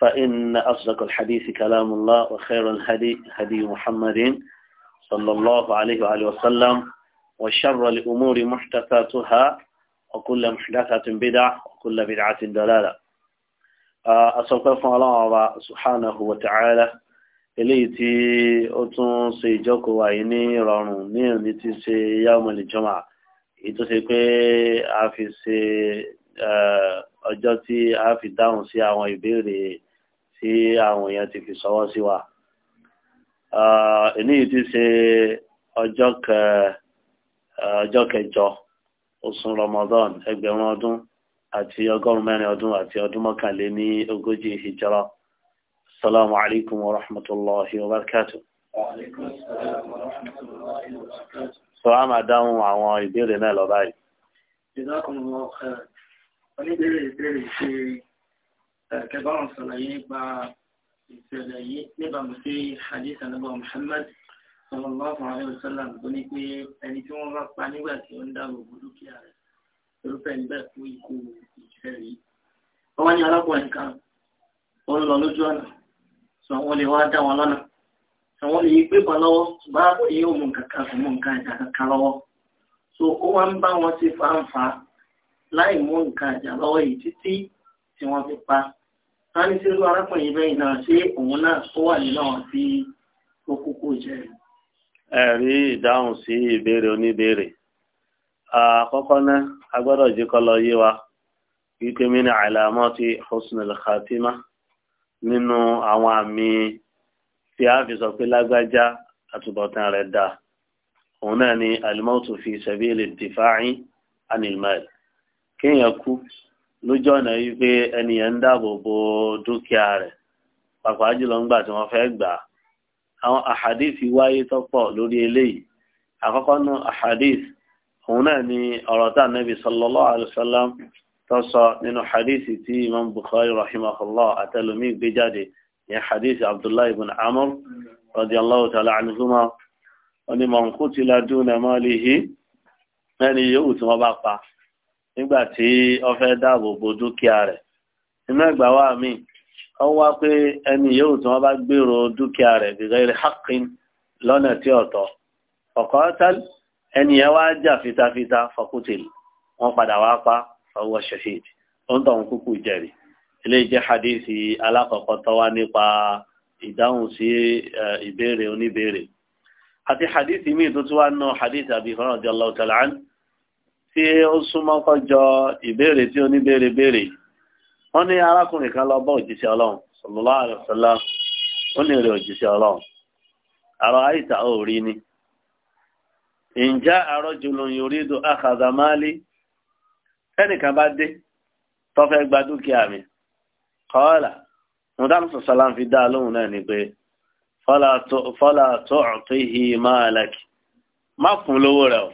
فإن أصدق الحديث كلام الله وخير الهدي هدي محمد صلى الله عليه وآله وسلم وشر الأمور محدثاتها وكل محدثة بدعة وكل بدعة دلالة أصدق آه، الله سبحانه وتعالى إليتي tí ó tún ṣe ìjọ́kọ̀ wà yìí ní rọrùn ní òní tí عافي سي al-jumu'ah èyí tí àwọn èèyàn ti fi sọwọ́ sí wa èyí ti ṣe ọjọ́ kẹ ọjọ́ kẹjọ oṣù Ramadan ẹgbẹ̀rún ọdún àti ọgọ́rùn mẹ́rin ọdún àti ọdún mọ́kànlé ní ogójì hijra salamu alaykum wa rahmatulahi wa barakatu. sọ a máa dáhùn àwọn ìbéèrè náà lọ báyìí. ìdákùnrin ọ̀hún oníbèrè ìbéèrè ṣe كبار الصلاة با السلاية نبا مسي حديث نبا محمد صلى الله عليه وسلم بنيكي أني تون رب عني باتي وندا وبدوك يا رفن بات ويكو إجفاري واني على قوان كان wọ́n lọ lójú ọ̀nà sọ wọ́n lè wá dá wọn lọ́nà sọ wọ́n lè yí pé bọ̀ lọ́wọ́ bá èyí ò mú nǹkankan kò mú nǹkan ìjà kankan lọ́wọ́ so ó wá ń bá wọn ṣe fáńfà láì mú nǹkan ìjà lọ́wọ́ yìí títí tí wọ́n fi pa ká ní sí irú arákùnrin bẹ́ẹ̀ náà ṣé òun náà ó wà nínú àwọn tí ó kúkú jẹ́ ẹ̀rí ìdáhùn sí ìbéèrè oníbéèrè àkọ́kọ́ náà a gbọ́dọ̀ jí kọ́ lọ yé wa wípé mi ní àìlàmọ́tì husnul khatima nínú àwọn àmì tí a fi sọ pé lágbájá àtúbọ̀tán rẹ̀ dáa òun náà ni alimọ́tò fi sẹ́bílì dìfáàyín anilmail kéèyàn kú lójú ọ̀nà yìí pé ẹnìyẹn ń dáàbò bo dúkìá rẹ̀ pàápàá jùlọ ńgbà tí wọ́n fẹ́ gbà á àwọn àhàdíìsì wáyé tó pọ̀ lórí eléyìí àkọ́kọ́ nu àhàdíìsì òun náà ni ọ̀rọ̀ tá ànábì sallallahu alaihi wasallam tó sọ nínú àhàdíìsì tí imam bukhari rahimahullah àtẹlómi gbé jáde ní àhàdíìsì abdullahi ibn amr radiyallahu ta'ala anhuma onímọ̀ nkútìlá dúnà malihi ẹni yòówù tí wọ́n bá pa nígbà tí ó fẹ́ dáàbò bo dúkìá rẹ̀ nínú ẹgbàá wa mi wọ́n wá pé ẹni yóò tí wọ́n bá gbèrò dúkìá rẹ̀ gẹ́gẹ́ rẹ̀ haqqin lọ́nà tí ọ̀tọ̀ ọ̀kọ́ tẹ́lẹ̀ ẹni yẹn wá jà fitafita fọkútìlì wọ́n padà wá pa fọwọ́ shahid ó ń tọ̀hún kúkú jẹ̀rì ilé jẹ́ hadithi alákọ̀ọ́kọ́ tó wá nípa ìdáhùn sí ìbéèrè oníbéèrè àti hadithi míì tó tún wá nù hadithi Abi Hurairah radiyallahu ta'ala anhu tí ó súnmọ́ kọjọ ìbéèrè tí ó ní béèrè béèrè wọ́n ní arákùnrin kan lọ bá òjíṣẹ́ ọlọ́run sallallahu alaihi wasallam ó ní èrè òjíṣẹ́ ọlọ́run àrò àìsà ò rí ni ǹjẹ́ rajulun yuridu akhadha mali ẹnìkan bá dé tó fẹ́ gba dúkìá mi qala mùdánù sọ̀sọ́lá ń fi dá lóhùn náà ni pé fala má fún lówó rẹ̀ o.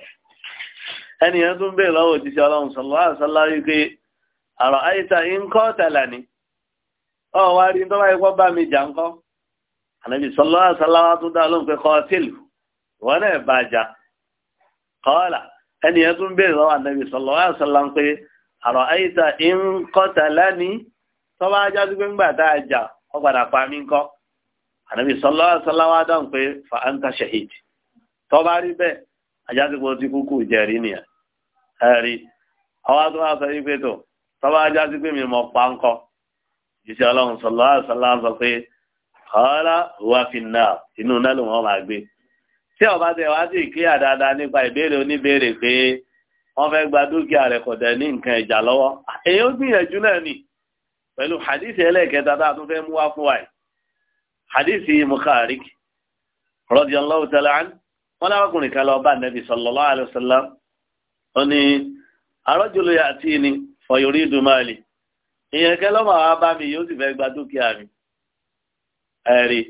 ẹni yẹn tún bèèrè lọ́wọ́ òjíṣẹ́ ọlọ́run sọ̀rọ̀ àṣọlá wípé àrọ̀ àyíṣà yìí ń kọ́ tẹ̀lẹ̀ ni ọ wá rí tó bá yẹ kó bá mi jà ń kọ́ ànábì sọ̀rọ̀ àṣọlá wa tún dá lóhùn pé kọ́ tìlù ìwọ náà bá a jà kọ́ọ̀là ẹni yẹn tún bèèrè lọ́wọ́ ànábì sọ̀rọ̀ àṣọlá ń pé àrọ̀ àyíṣà yìí ń kọ́ tẹ̀lẹ̀ ni tó bá ajá sí pé ńgbà tá a jà ọ padà pa mí kúkú jẹ̀rí nìyẹn ẹ̀rí ọwọ́ tó wá sọ yí pé tó tọ́wọ́ ajá sí pé mi mọ̀ pa ń kọ́ jíṣẹ́ ọlọ́run sọ̀lọ́ àṣàlá sọ pé ọ̀ọ́lá wà fi nà inú náà ló wọ́n máa gbé tí ọba tẹ wá sí ìkíyà dáadáa nípa ìbéèrè oníbéèrè pé wọ́n fẹ́ gba dúkìá rẹ̀ kọ̀dẹ̀ ní nǹkan ìjà lọ́wọ́ èyí ó gbìyànjú náà nì pẹ̀lú hadith ẹlẹ́ẹ̀kẹta tá a tún fẹ́ mú wá fún wa yìí hadith Mukharik radiyallahu ta'ala an wọn lárakùnrin kan lọ bá nàbì sallallahu alaihi ó ní arọ́jòló yà tí ni fọyọrí ìdùnmáàlì ìyẹn kẹ́ lọ́mọ àwa bá mi yóò sì fẹ́ gba dúkìá mi ẹ̀rí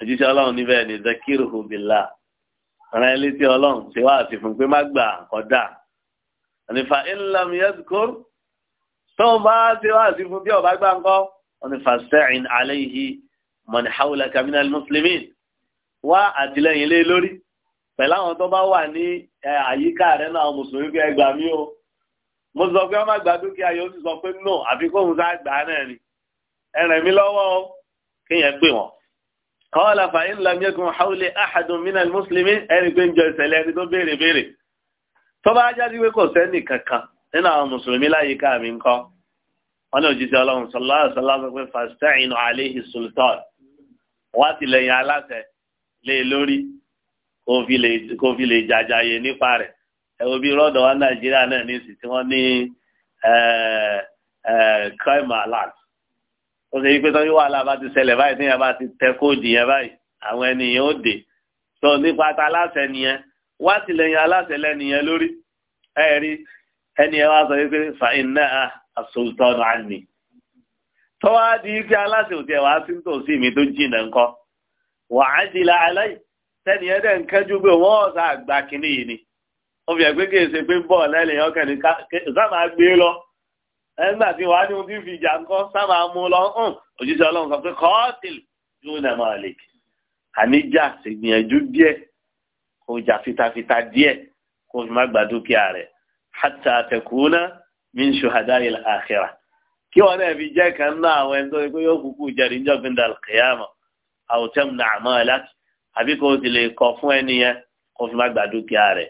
òjíṣẹ́ ọlọ́run níbẹ̀ ni zakiruhu billah rán létí ọlọ́run ṣe wá àti fún pé má gbà kọ́dà onífà ìlànà yẹ́dùkúrú tó ń bá ṣe wá àti fún bí ọba gbà ńkọ́ onífà sẹ́yìn alayhi man hawlaka minal muslimin wá àtìlẹ́yìn lé lórí pẹ̀lú àwọn tó bá wà ní àyíká rẹ̀ náà àwọn mùsùlùmí fi ẹgbàá mi o mo sọ pé ọmọ àgbà dúkìá yóò sì sọ pé no àfi kóhun sá gbà á náà ni ẹ ràn mí lọ́wọ́ o kéèyàn pè wọ́n. kọ́ọ̀lá fàáyín lamẹ́kùn haúlẹ̀ ahadùn mínà mùsùlùmí ẹni pé ń jọ ìṣẹ̀lẹ̀ ẹni tó béèrè béèrè tó bá jáde pé kò sẹ́nì kankan nínú àwọn mùsùlùmí láyìíká mi ńkọ́ wọn ní òjíṣẹ́ ọlọ́run sallallahu kò fi lè jàjàyè nípa rẹ̀ ẹ̀rọ bí wa nàìjíríà náà ní sì tí ní crime alert ó ṣe yí pé tọ́jú wàhálà bá ti ṣẹlẹ̀ báyìí bá ti tẹ kóòdì yẹn báyìí àwọn ènìyàn ó dé sọ nípa ta aláṣẹ nìyẹn wá tìlẹyìn aláṣẹ lórí ike aláṣẹ òtí wá sí mi tó jìnnà wàá tẹ́ni ẹ dẹ̀ ń kẹ́jú pé wọ́n ọ̀sà àgbà kìíní yìí ni wọ́n fi ẹ̀gbẹ́ kìí ṣe pé ń bọ̀ lẹ́lẹ̀ yẹn kẹ́ni sábà gbé lọ ẹgbà tí wàá ní ohun tí fi ìjà ń kọ́ sábà mú lọ hàn òjíṣẹ́ ọlọ́run kan pé kọ́ọ̀tì yóò nà máa lè kí àníjà ṣègbìyànjú díẹ̀ kò jà fitafita díẹ̀ kò fi má gba dúkìá rẹ̀ hàtà àtẹ̀kùnà mi ń ṣòhàdá ilẹ̀ àkẹ́rà kí wọn náà fi jẹ́ kan náà àwọn ẹni tó yẹ kó yóò kúkú jẹ́rìí àbí kò sì lè kọ fún ẹni yẹn fi má gba dúkìá rẹ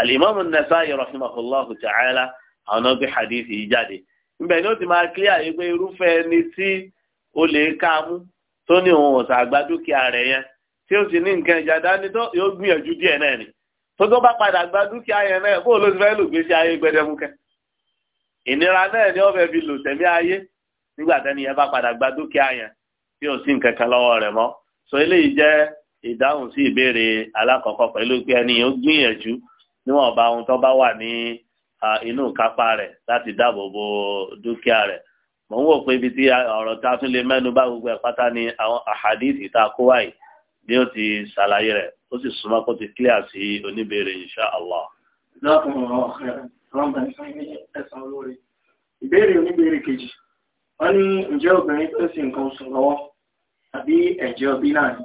alimami Nasa'i rahimahullahu ta'ala àwọn náà gbé hadith yìí jáde nbẹ ni o ti máa clear yìí pé irúfẹ́ ẹni tí ó lè ká mú tó ní òun ọ̀sà dúkìá yẹn tí sì ní nǹkan ìjà dání tó yóò gbìyànjú náà ni tó tó bá padà gba dúkìá yẹn náà bó ló ti fẹ́ lò gbèsè ayé gbẹdẹmukẹ ìnira náà ni ó fi lò tẹ̀mí ayé nígbà tẹ́ni yẹn gba dúkìá yẹn tí ìdáhùn sí ìbéèrè alákọ̀ọ́kọ́ pẹ̀lú pé ẹni yẹn gbìyànjú níwọ̀n bá ohun tó bá wà ní inú kápá rẹ̀ láti dáàbò bo dúkìá rẹ̀ mò ń wò pé ibi tí ọ̀rọ̀ ta tún lè mẹ́nu bá gbogbo ẹ̀ pátá ni àwọn tá a kó ti ṣàlàyé rẹ̀ ó sì súnmọ́ ti clear sí oníbèrè ìbéèrè oníbèrè ní ǹjẹ́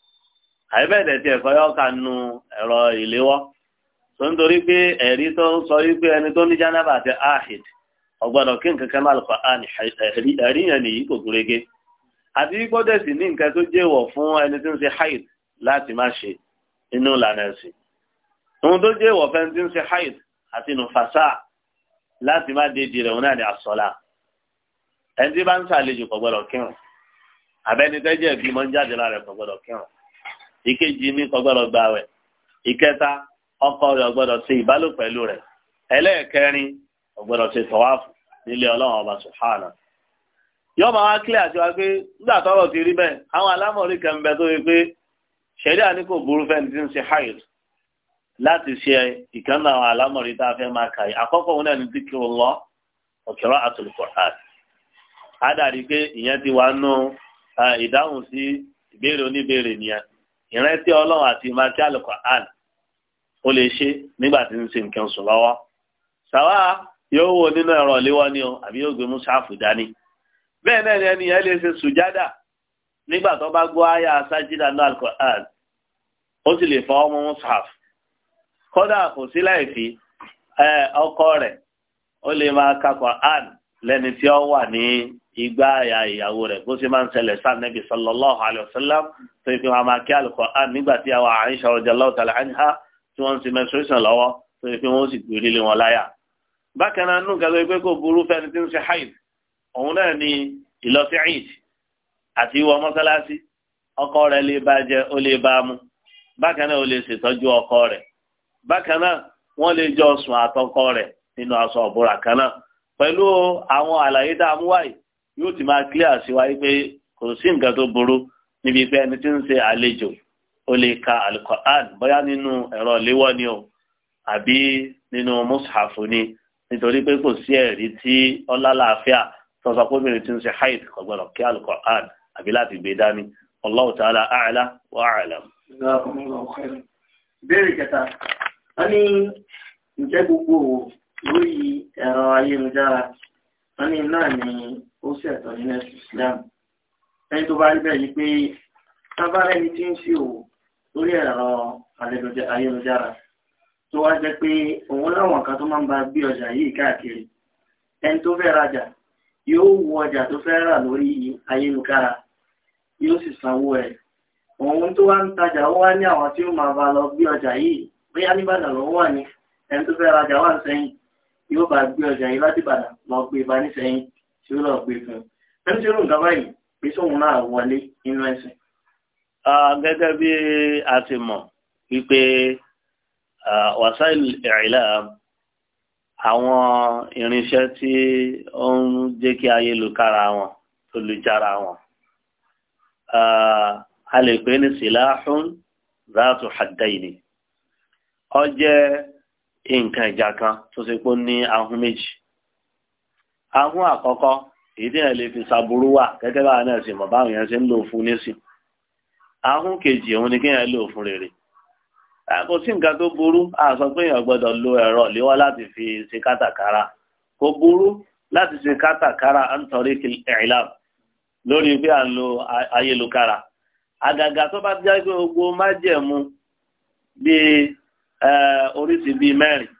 àìbẹ̀dẹ̀ tí ẹ̀kọ́ yọ ká nu ẹ̀rọ ìléwọ́ tó ń torí pé ẹ̀rí tó ń sọ wípé ẹni tó ní jánábà àti ahid ọgbọ́dọ̀ kí nǹkan kan máa lọ́kọ̀ àní ẹ̀rí yẹn nìyí kò gúrégé àti gbọ́dọ̀ sì ní nǹkan tó jẹ́wọ̀ fún ẹni tó ń ṣe haid láti má ṣe inú ìlànà ẹ̀sìn ohun tó jẹ́wọ̀ fẹ́ ti ń ṣe haid àti inú fàṣà láti má dédì rẹ̀ òun náà ní àsọlá ẹni tí bá ń ṣàlejò kò gbọ́dọ̀ kírun àbẹ́ni tẹ́jẹ́ bí mọ́ ń jáde lára rẹ̀ kò gbọ́dọ̀ kírun ìkejì mi kò gbọ́dọ̀ gbà wẹ̀ ìkẹta ọkọ rẹ̀ ọgbọdọ ṣe ìbálò pẹ̀lú rẹ. ẹlẹ́ẹ̀kẹrin ọgbọ́dọ̀ ṣe tọ́wáfù nílé ọlọ́run ọba sùhánà máa wá kílẹ̀ àti wá pé nígbà tọrọ ti rí bẹ́ẹ̀ àwọn alámọ̀rí kan bẹ tó yẹ pé kò burú tí ń ṣe hayes láti ṣe àwọn tá a máa òun náà ní àti á dàrí pé ìyẹn ti wá ìrántí ọlọ́run àti ìmákí alukur'an ó lè ṣe nígbà tí ń ṣe nǹkan sùn lọ́wọ́ sàwa yóò wò nínú ẹ̀rọ léwọ́ ni o àbí yóò gbé mùsàfù dání bẹ́ẹ̀ náà ni ẹni yẹn lè ṣe sùjádà nígbà tó bá gbọ́ àyà sájídà náà alukur'an ó sì lè fọwọ́ mú mùsàfù kódà kò sí láì ọkọ rẹ̀ ó lè máa ka Qur'an lẹ́ni tí ó wà ní ìgbà àyà ìyàwó rẹ̀ bó ṣe máa ń ṣẹlẹ̀ sáà nẹ́bí sallallahu alayhi wa sallam tó fi wọn máa kí al-Qur'an nígbà tí àwọn Aisha radiyallahu ta'ala anha tí wọ́n ń ti menstruation lọ́wọ́ tó fi wọ́n sì gbé lílé wọn láyà. bákan náà nù gàdọ̀ pé kò burú fẹ́ni tí ń ṣe haid òun náà ni ìlọsí eid àti ìwọ mọ́sálásí ọkọ rẹ̀ lè bá jẹ ó lè bá mu bákan náà ó lè ṣètọ́jú ọkọ rẹ̀ bákan náà wọ́n lè jọ yóò ti máa clear sí wa pé kò sí nǹkan tó burú níbi pé ẹni tí ń ṣe àlejò ó lè ka alukoran bóyá nínú ẹ̀rọ léwọ́ ni o àbí nínú mùsàfù ni nítorí pé kò sí ẹ̀rí tí ọlálàáfíà sọ̀sọ̀ pé obìnrin tí ń ṣe haid kò gbọ́dọ̀ kí alukoran àbí láti gbé dání Allahu ta'ala a'la wa a'lam. béèrè kẹta wọn ní ǹjẹ́ gbogbo lórí ẹ̀rọ ayélujára wọn ní náà ní ó ṣẹ̀tọ́ nínú ẹ̀sìn Islam ẹni tó bá rí bẹ́ẹ̀ ni pé sábàrẹ́ ni tí ń ṣe òwò lórí ẹ̀rọ ayélujára tó wá jẹ́ pé òun láwọn kan tó máa ń ba gbé ọjà yìí káàkiri ẹni tó fẹ́ rajà yóò wo ọjà tó fẹ́ rà lórí ayélujára yóò sì sanwó ẹ̀ òun tó wá ń tajà ó wá ní àwọn tí ó máa ba lọ gbé ọjà yìí bóyá nìbàdàn ló wà ní ẹni tó fẹ́ rajà wà sẹ́yìn yóò bá gbé ọjà yìí láti Ìbàdàn lọ gbé e bá tí ó lọ gbé fún un ẹni tí ó lò dábàá yìí pé sóun náà wọlé nínú ẹ̀sìn. gẹ́gẹ́ bí a ti mọ̀ wípé wàsáìlì ẹ̀rìlá àwọn irinṣẹ́ tí ó ń jẹ́ kí ayélujára wọn tó lu jára wọn a lè pè ní silahun zaatu haddaini ó jẹ́ nǹkan ìjà kan tó ṣe pé ní ahun méjì ahun àkọ́kọ́ èyí tí yẹn lè fi ṣàbúrú wà gẹ́gẹ́ báwa náà sì mọ̀ báwọn yẹn ṣe ń lò fún nísìn ahun kejì òun ni kí yẹn lò fún rere kò sí nǹkan tó burú a sọ pé èèyàn gbọ́dọ̀ lo ẹ̀rọ léwọ́ láti fi ṣe kátàkárà kò burú láti ṣe kátàkárà à ìlàm lórí pé à ń lo ayélukára àgàgà tó bá jẹ́ pé gbogbo májẹ̀mú bíi oríṣi bíi mẹ́rin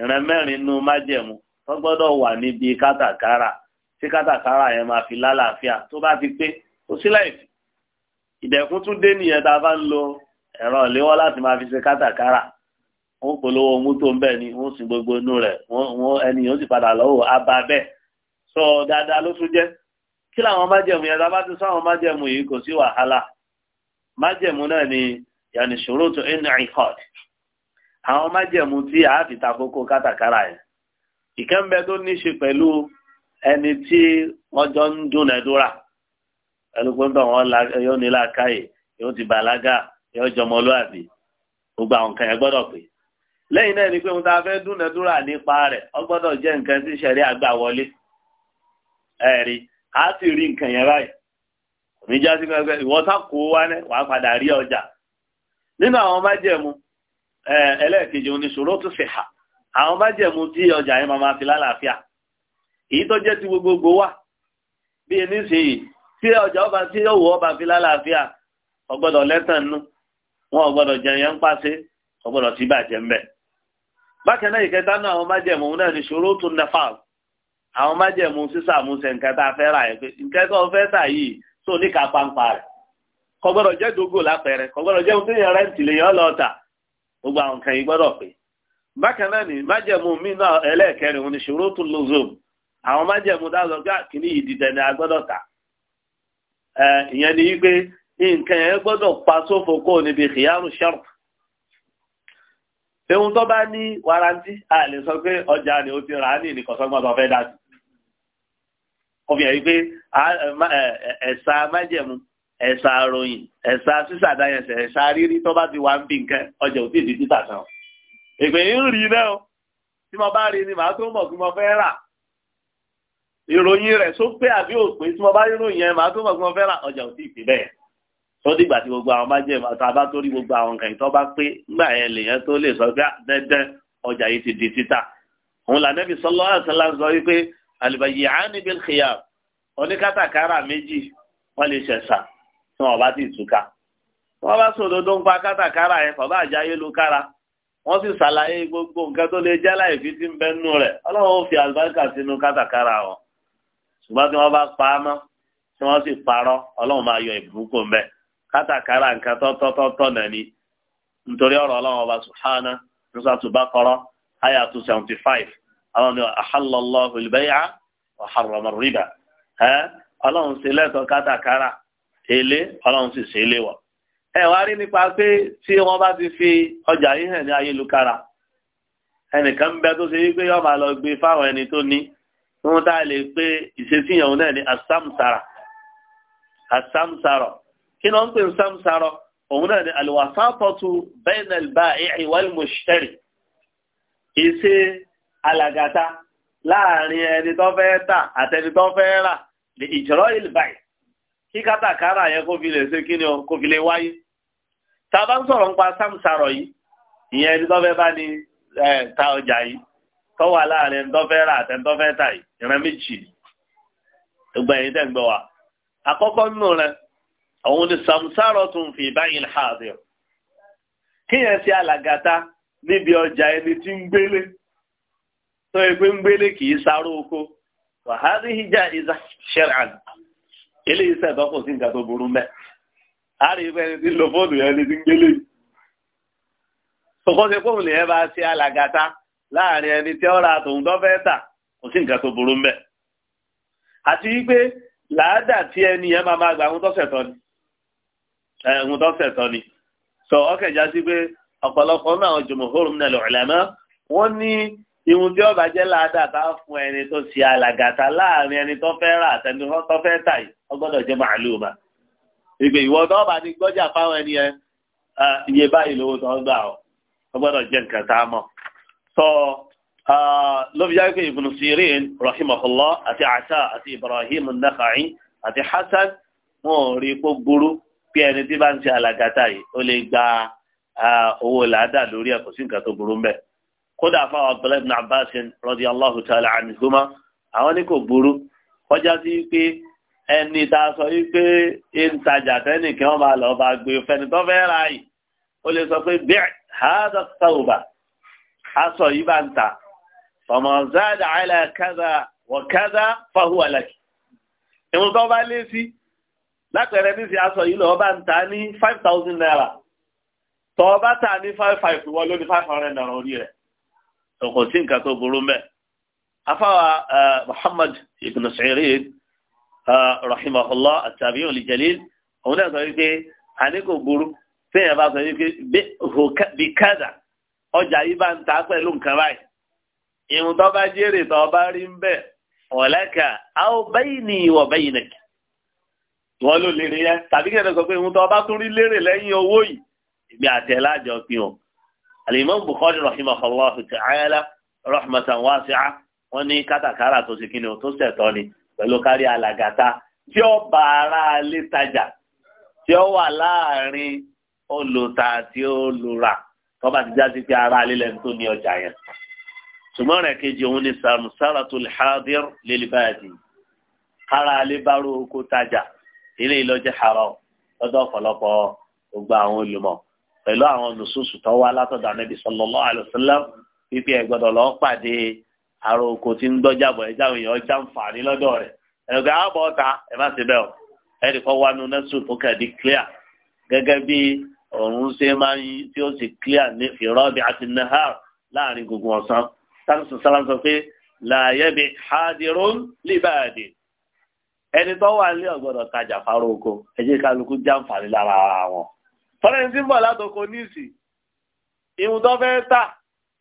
ìran mẹ́rin nínú májẹ̀mú wọ́n gbọ́dọ̀ wà níbi kátàkárà tí kátàkárà yẹn máa fi lálàáfíà tó bá ti pé ó sí láìsí ìdẹ̀kùn tún dé nìyẹn tá a bá ń lo ẹ̀rọ ìléwọ́ láti máa fi ṣe kátàkárà wọ́n polówó mọ́tò ń bẹ̀ ni wọ́n sì gbogbo inú rẹ̀ wọ́n ẹni yóò sì padà lọ́wọ́ abá bẹ́ẹ̀ sọ dáadáa ló tún jẹ́ kí làwọn májẹ̀mú yẹn tá a bá ti sọ àwọn májẹ̀mú yìí kò sí wàhálà májẹ̀mú náà ni yàní ṣòro tó ẹnì àìkọ́d àwọn májẹ̀mú tí a fi ta kókó kátàkárà yẹn ìkẹ́ńbẹ tó ní ṣe pẹ̀lú ẹni tí wọ́n jọ ń dúnàdúrà pẹ̀lú pé nígbà wọn yóò ní làákàyè yóò ti bàlágà yóò jọmọlúàbí gbogbo àwọn nǹkan yẹn gbọ́dọ̀ pé lẹ́yìn náà ni pé ta fẹ́ dúnàdúrà nípa rẹ̀ ó gbọ́dọ̀ jẹ́ nǹkan tí sẹ̀rí àgbà wọlé ẹ̀rí a sì rí nǹkan yẹn báyìí òní já sí pé ìwọ sá kó wá ní wàá padà rí ọjà nínú àwọn májẹ̀mú ẹlẹ́ẹ̀kejì òní ṣòro tó fi hà àwọn májẹ̀mú tí ọjà yẹn máa fi lálàáfíà èyí tó jẹ́ ti gbogbogbò wà bí nísìnyí tí ọjà ọba tí òwò ọba fi lálàáfíà ọgbọ́dọ̀ lẹ́tàn nú wọn ọgbọ́dọ̀ jẹyàn ń pàṣẹ ọgbọ́dọ̀ sí bàjẹ́ ń bẹ̀. bákan náà ìkẹta náà àwọn májẹ̀mú náà ní ṣòro tún nẹfà àwọn májẹ̀mú sísàmúsẹ̀ nǹkan tá a fẹ́ rà yẹn pé nǹkan tó fẹ́ tà yìí tó ní ká pàǹpà rẹ̀ kò jẹ́ dógò lápẹẹrẹ bákan náà ni májẹ̀mú mi náà ẹlẹ́ẹ̀kẹrin òun ni ṣòrótù lozom àwọn májẹ̀mú dáhùn gbà kìíní yìí dìdẹ̀ ni a gbọ́dọ̀ tà ìyẹn ni wípé nǹkan yẹn gbọ́dọ̀ pa sófo kó o níbi ìyáàrú sharp ehun tó bá ní warranty a lè sọ pé ọjà ni o ti rà á ní ìnìkọ̀sọ́gbọ́n tó fẹ́ dá sí obìnrin yìí pé ẹ̀sà májẹ̀mú ẹ̀sà ròyìn ẹ̀sà sísàdáyẹsẹ̀ ẹ̀sà rírí tó bá ti wà ń bí nǹkan ọjà ò ìpè ń rí náà tí mo bá rí ni màá tó mọ̀ kí mo fẹ́ rà ìròyìn rẹ̀ só pé àbí òpè tí mo bá rí ròyìn yẹn màá tó mọ̀ kí mo fẹ́ rà ọjà ò tí ì pè bẹ́ẹ̀ tó dìgbà tí gbogbo àwọn bá jẹ àtàbá tó rí gbogbo àwọn nǹkan ìtọ́ bá pé ńgbà yẹn lèyẹn tó lè sọ pé dandan ọjà yìí ti di títà òun là nẹ́bi sọ́lọ́ àṣàlá sọ wípé àlùbáyé àánì bil khiyar oníkátàkárà méjì wọ́n lè ṣẹ̀ṣà tí wọ́n bá ti túká wọ́n bá sòdodo ń pa kátàkárà yẹn kọ̀ bá àjáyé lu kára wọ́n sì ṣàlàyé gbogbo nǹkan tó lè jẹ́ láì fi ti ń bẹ́ nù rẹ̀ ọlọ́run fi àlùbáríkà sínú kátàkárà wọn ṣùgbọ́n tí wọ́n bá pa á mọ́ tí wọ́n sì parọ́ ọlọ́run máa yọ ìbùkún kò kátàkárà nǹkan tọ́tọ́tọ́tọ́ nà ní ọba subhana nusa tuba kọ́rọ́ seventy five àwọn ni ọlọ́run sì ẹ wá rí nípa pé tí wọ́n bá ti fi ọjà yìí hàn ní ayélujára ẹnìkan bẹ tó ṣe wípé yóò máa lọ gbé fáwọn ẹni tó ní wọn tá a lè pé ìṣesí ìyàwó náà ní asámsara asámsarọ kí ló ń pè sámsarọ òun náà ní alwasatatu bayna al-ba'i wal ìṣe alàgàtà láàrin ẹni tó fẹ́ tà àtẹni tó fẹ́ rà lè ìjọ́rọ́ ìlbàì kí kátàkárà yẹn kó fi lè ṣe kí ni o kó fi lè wáyé. tá bá ń sọ̀rọ̀ nípa sámsàrọ̀ yìí ìyẹn ẹni bá ní ta ọjà yìí tó wà láàrin ẹni rà àti tà yìí ìran méjì gbogbo ẹ̀yin tẹ̀ wa àkọ́kọ́ nínú òun ni samsaro tún fi báyìí alàgàtà níbi ọjà ẹni tí ń gbélé tó ń gbélé kì í sáró oko ìzà àárí ìgbà ẹni tí ń lo fóònù yẹn ni ti ń gbélé yìí. sọkọ́sẹ́ fóònù yẹn bá ṣe alàgàtà láàrin ẹni tí ọ̀rọ̀ àtòun tó fẹ́ tà kò sí nǹkan tó burú mbẹ̀. àti wípé làádà tí ẹni yẹn máa máa gba ohun tó ṣẹ̀tọ́ ni ohun tó ṣẹ̀tọ́ ni sọ ọkẹ́ já sí pé ọ̀pọ̀lọpọ̀ náà jumhurun min al-ulama wọ́n ní ìhun tí ọba jẹ́ làádà bá fún ẹni tó ṣe alàgàtà láàrin ẹni tó fẹ́ rà àtẹni tà yìí ọgbọ́dọ̀ jẹ́ màálù máa ìgbè ìwọ tó bá ní gbọ́jà fáwọn ẹni yẹn iye báyìí lówó tó ń gbà ọ ọ gbọ́dọ̀ jẹ́ nǹkan tá a mọ̀ sọ lóbi yá pé Ibn Sirin rahimahullah àti ata àti Ibrahim an-Nakha'i àti Hasan wọn ò rí kó burú bí ẹni tí bá ń ṣe alàgàtà yìí ó lè gba owó làádà lórí ẹ̀ kò sí nǹkan tó burú ń bẹ̀ kódà fáwọn Abdullahi ibn Abbas radiyallahu ta'ala anhuma àwọn ní kò burú kọjá sí pé ẹni tá sọ yìí pé ìtajà tẹ́nìkan máa lọ bá gbé fẹ́ni tó fẹ́ ra yìí ó lè sọ pé bẹ́ẹ̀ hàdà sàwùbà aṣọ bá ń ta ọmọ àìlà kaza wọ kádà fáwọn àlàkì ìwọ̀n tó bá lé sí látẹ̀rẹ̀ ní ti yìí five thousand naira tọ́ bá ta five five wọ́n ló five hundred naira orí rẹ̀ kò sí nǹkan tó burú mẹ́ afáwa eh, Muhammad ibn rahimahullah àtàbí olùjẹlẹ òun náà sọ wípé àní kò burú téèyàn bá sọ wípé bí kádà ọjà yìí bá ń ta pẹ̀lú nǹkan báyìí ìhun tó bá jèrè tó bá rí ń bẹ̀ ọ̀lẹ́kà àwọn bẹ́yìn ni ìwọ̀ bẹ́yìn nìkì wọ́n ló lérè yẹn tàbí kẹ́kẹ́ sọ pé ìhun tó bá tún rí lérè lẹ́yìn owó yìí ìgbé àtẹ láàjọ fi hàn alimami bukhari rahimahullah ta'ala rahmatan wasi'a wọn ní kátàkárà tó ṣe kíni o tó ṣẹ̀tọ́ ni pẹ̀lú kárí alàgàtà tí ó bá ara lé tajà tí ó wà láàrin olùta àti olùrà tó bá ti já sí pé ara lé lẹ́nu tó ní ọjà yẹn ṣùgbọ́n rẹ̀ kejì òun ni samsaratul hadir lilibadi kára lé bárò oko tajà ilé ìlọ́jẹ́ haram lọ́dọ̀ ọ̀pọ̀lọpọ̀ gbogbo àwọn olùmọ̀ pẹ̀lú àwọn nùsùsù tó wá látọ̀dọ̀ ànábì sallallahu alaihi wasallam wípé lọ́ọ́ pàdé àrò oko tí ń dọ́jàbọ̀ ẹ̀ jáwé yẹn ọjà ń fà ní lọ́dọ̀ rẹ̀ ẹ̀rọ̀gá àbọ̀ ọ̀tá ẹ̀ má ṣe bẹ́ẹ̀ o ẹ̀rì kan wá nẹ́sùn tó kẹ̀ di clear gẹ́gẹ́ bí ọ̀run ṣe máa ń tí ó sì clear ní ìrọ́bì àti nahar láàrin gbogbo ọ̀sán sáńsì sáláń sọ pé làyẹ̀bi hadirun libadi ẹni tó wà ní ọ̀gbọ́dọ̀ tajà fáró oko ẹ jẹ́ kálukú jàǹfààní lára wọn. fọlẹ́ǹsì ń bọ̀ látoko níìsì ìhun tó fẹ́ tà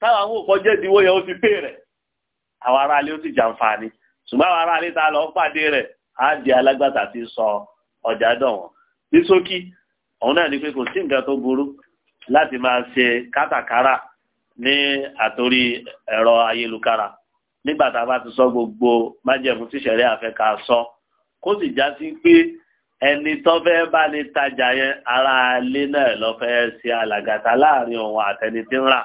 táwọn àwọn òkọ́ ìdíwọ́ yẹn ó ti pè rẹ̀ àwọn aráalé ó sì jàǹfààní ṣùgbọ́n àwọn aráalé tá a lọ pàdé rẹ̀ á di alágbàtà tí sọ ọjà dàn wọ́n ní ṣókí òun náà ni pé kò sí nǹkan tó burú láti máa ṣe kátàkárà ní àtòrí ẹ̀rọ ayélukára nígbà tá a bá ti sọ gbogbo májẹ̀mú tíṣẹ̀rí àfẹ́ ká sọ kó sì já sí pé ẹni tó fẹ́ bá ní tajà yẹn aráalé náà lọ fẹ́ ṣe alàgàtà láàrin òun àtẹni tí ń rà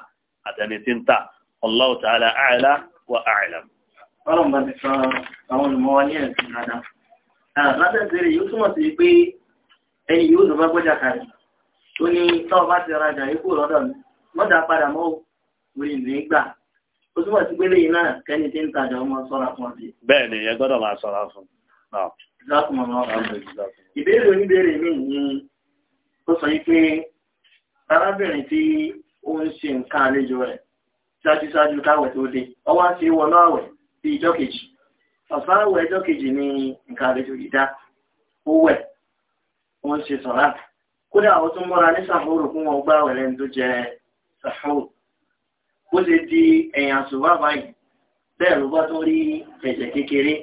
àtẹni tí ń tà Allahu ta'ala a'la. wa a'lam ọlọ́run bá ti sọ àwọn olùmọ̀ ní ẹ̀sìn dáadáa látẹ̀sẹ̀rẹ̀ ah, yóò túmọ̀ sí pé ẹni yóò lọ bá gbọ́jà tó ní tọ́ọ̀ bá ti rajà ikú lọ́dọ̀ mi mọ́jà padà mọ́ gbà ó túmọ̀ sí pé náà kẹ́ni tí ń tajà ọmọ sọ́ra fún bẹ́ẹ̀ ni ẹ gbọ́dọ̀ máa sọ́ra fún ìbéèrè mi ni ó sọ yìí pé arábìnrin tí ó ń ṣe nǹkan àlejò ṣáájú ṣáájú káwẹ̀ tó dé ọwá ti wọnú àwẹ̀ sí ìjọ kejì ọ̀sán kejì ní nǹkan ìdá ó wẹ̀ ó ṣe sọ̀rá kódà àwọn tó mọ́ra ní sàfóòrò fún wọn gbá tó jẹ di àṣùwà báyìí bẹ́ẹ̀ ló bá tó rí ẹ̀jẹ̀ kékeré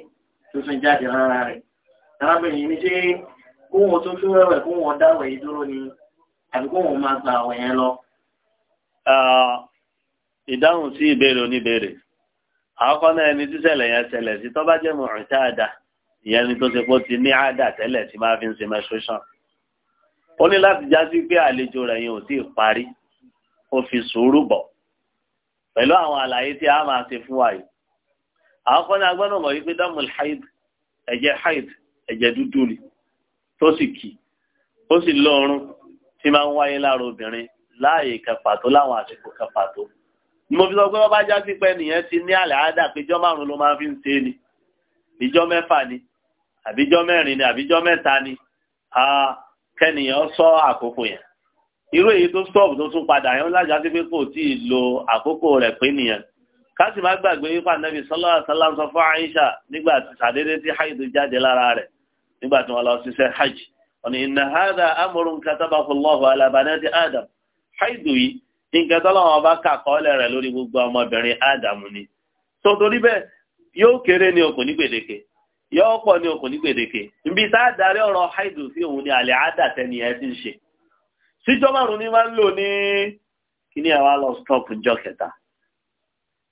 tó tún jáde rẹ̀ arábìnrin ní tó tún ni àbí máa gba yẹn lọ. Ah, ìdáhùn sí ìbéèrè oníbéèrè àkọ́kọ́ náà ẹni tíṣẹ̀lẹ̀ yẹn ṣẹlẹ̀ sí tó bá jẹ́ mọ̀ ọ̀rìn táàdà ìyẹn ni tó ṣe pé ó ti ní àdà tẹ́lẹ̀ tí máa fi ń ṣe menstruation ó ní láti já sí pé àlejò rẹ̀ yẹn ò tí ì parí ó fi sùúrù bọ̀ pẹ̀lú àwọn àlàyé tí a máa ṣe fún wa yìí àkọ́kọ́ náà agbọ́dọ̀ mọ̀ wípé dámùl haid ẹ̀jẹ̀ haid ẹ̀jẹ̀ dúdú ni tó sì kì ó sì lọ́ọ̀rùn tí máa ń wáyé lára obìnrin láàyè kan láwọn àsìkò kan mo fi sọ pé wọ́n bá já sí pé nìyẹn ti ní àlẹ́ àádá pé ijọ́ fi ń ni ijọ́ mẹ́fà ni àbíjọ́ mẹ́rin ni àbíjọ́ mẹ́ta ni kẹ́nìyàn sọ àkókò yẹn irú èyí tó stop tó tún padà yẹn lájà sí pé kò tí ì lo àkókò rẹ̀ pé nìyẹn ká sì má gbàgbé wípé anabi sallallahu alaihi sọ fún Aisha nígbà sàdédé tí jáde lára rẹ̀ hajj ọ̀nà Adam nǹkan tọ́lọ́wọ́n bá kà kọ́lẹ̀ rẹ̀ lórí gbogbo ọmọbìnrin ádámù ni tó torí bẹ́ẹ̀ yóò kéré ní okùn ní gbèdéke yóò pọ̀ ní okùn ní gbèdéke ibi tá a darí ọ̀rọ̀ haidu sí ni àlẹ́ àdàtẹ́ni ẹ ti ń ṣe ni máa ń lò ní kíní àwa lọ stop jọ kẹta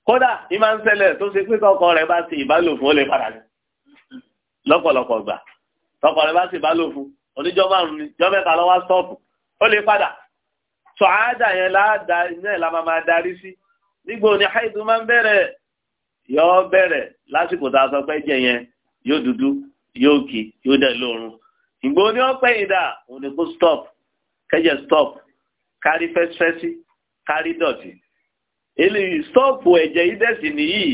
kódà ní máa ń tó ṣe pé tọkọ rẹ̀ bá ti ìbálò fún ó lè padà ní lọ́pọ̀lọpọ̀ gbà tọkọ rẹ̀ bá ti ìbálò ni lọ́wọ́ stop ó lè padà sọ̀ádà yẹn la máa darí sí nígbò ni haịdu máa ń bẹ̀rẹ̀ yọ bẹ̀rẹ̀ lásìkò tá a sọ yẹn yóò dúdú yóò kì yóò dẹ̀ lóorun ìgbò ní ọ̀pẹ́ ìdá òun ni kó stop stop kárí kárí dọ̀tí ẹ̀jẹ̀ nìyí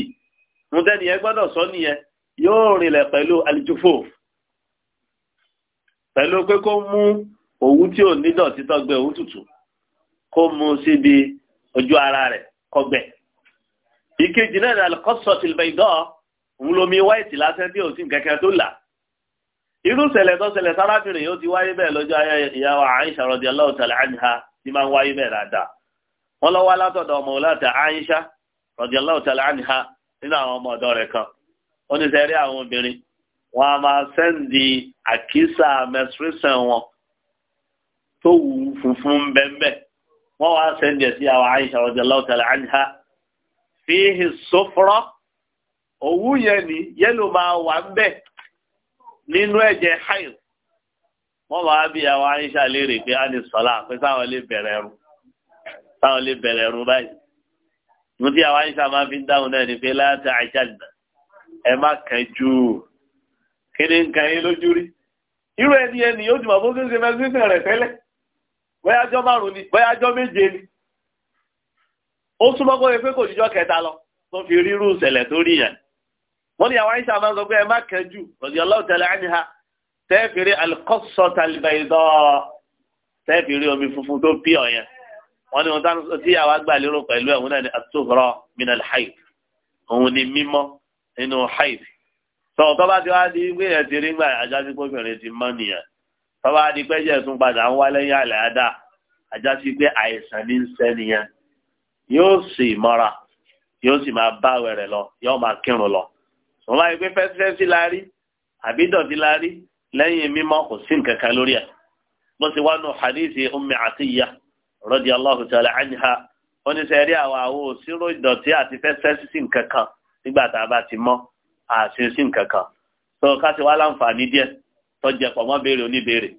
gbọ́dọ̀ sọ nìyẹn yóò rinlẹ̀ pẹ̀lú pé kó mú òwú tí ò ní dọ̀tí tọ́gbẹ́ òwú kó mu síbi ojú ara rẹ̀ kọgbẹ ìkejì náà nàlẹ kọsọtì bẹyìndọ òun lomi wáìtì lásán tí òsín kẹkẹ tó là irú ṣẹlẹ̀ tó ṣẹlẹ̀ sárábìnrin yóò ti wáyé ayé ti máa ń wáyé bẹ́ẹ̀ dáadáa wọn lọ wá ọmọ kan sẹrí àwọn obìnrin wọn a máa sẹ́ǹdì àkísà wọ́n wá sẹ́ńdẹ̀ sí àwọn Aisha radiyallahu ta'ala anha fíhì sufra òwú yẹn ni yẹ́lò máa wà ń bẹ̀ nínú ẹ̀jẹ̀ haid wọ́n máa bí àwọn Aisha léèrè pé àní sọ́lá pé sáwọn lè bẹ̀rẹ̀ ẹ̀rù sáwọn lè bẹ̀rẹ̀ ẹ̀rù báyìí mo ti àwọn Aisha máa fi ń dáhùn náà ni pé láti àìsà nà ẹ má kẹjú kí ni nǹkan yín lójú rí irú ẹni ẹni yóò ti mọ̀ bó ṣe ṣe fẹ́ sí ìsìn rẹ̀ tẹ́lẹ̀ bóyájọ́ márùn ni bóyájọ́ méje ni ó súnmọ́ kó yẹ pé kò níjọ́ kẹta lọ tó fi rírú ìṣẹ̀lẹ̀ tó rí yẹn wọ́n ní àwọn àyíṣà máa ń sọ pé ẹ má kẹjú ọ̀dì ọlọ́ọ̀tẹ̀lẹ̀ àníhà tẹ́ẹ̀fìrí alikọ́sọ̀ tàlìbàìdọ́ tẹ́ẹ̀fìrí omi funfun tó pí ọ̀yẹn wọ́n ní wọn tí àwa gbà lérò pẹ̀lú ẹ̀hún náà ni àtúbọ̀rọ̀ minal haid òun ni mímọ́ nínú haid tọ̀ tọ́ bá ti wá di wíyẹn ti rí gbà àjásí pé tọ́ba adigbẹ́jẹ̀ tún padà ń wá lẹ́yìn àlẹ́ àdá ajá sí pé àìsàn ní sẹ́ni yẹn yóò sì mọ́ra yóò sì máa bá wẹ̀rẹ̀ lọ yóò máa kírun lọ. sọ́wọ́n láyé pé fẹ́sífẹ́sí la rí àbí dọ̀tí la rí lẹ́yìn mímọ́ kò sí nǹkan kan lórí ẹ̀. bó ṣe wá nù hadithi ummi atiya radiyallahu ta'ala anha ó ní sẹ́rí àwọn àwo sírò ìdọ̀tí àti fẹ́sífẹ́sí sí nǹkan kan nígbà tá a bá ti mọ́ àṣẹ sí nǹkan kan. sọ ká ti wá láǹfààní díẹ̀ tọ́jẹ pọ̀ mọ́ béèrè oníbèrè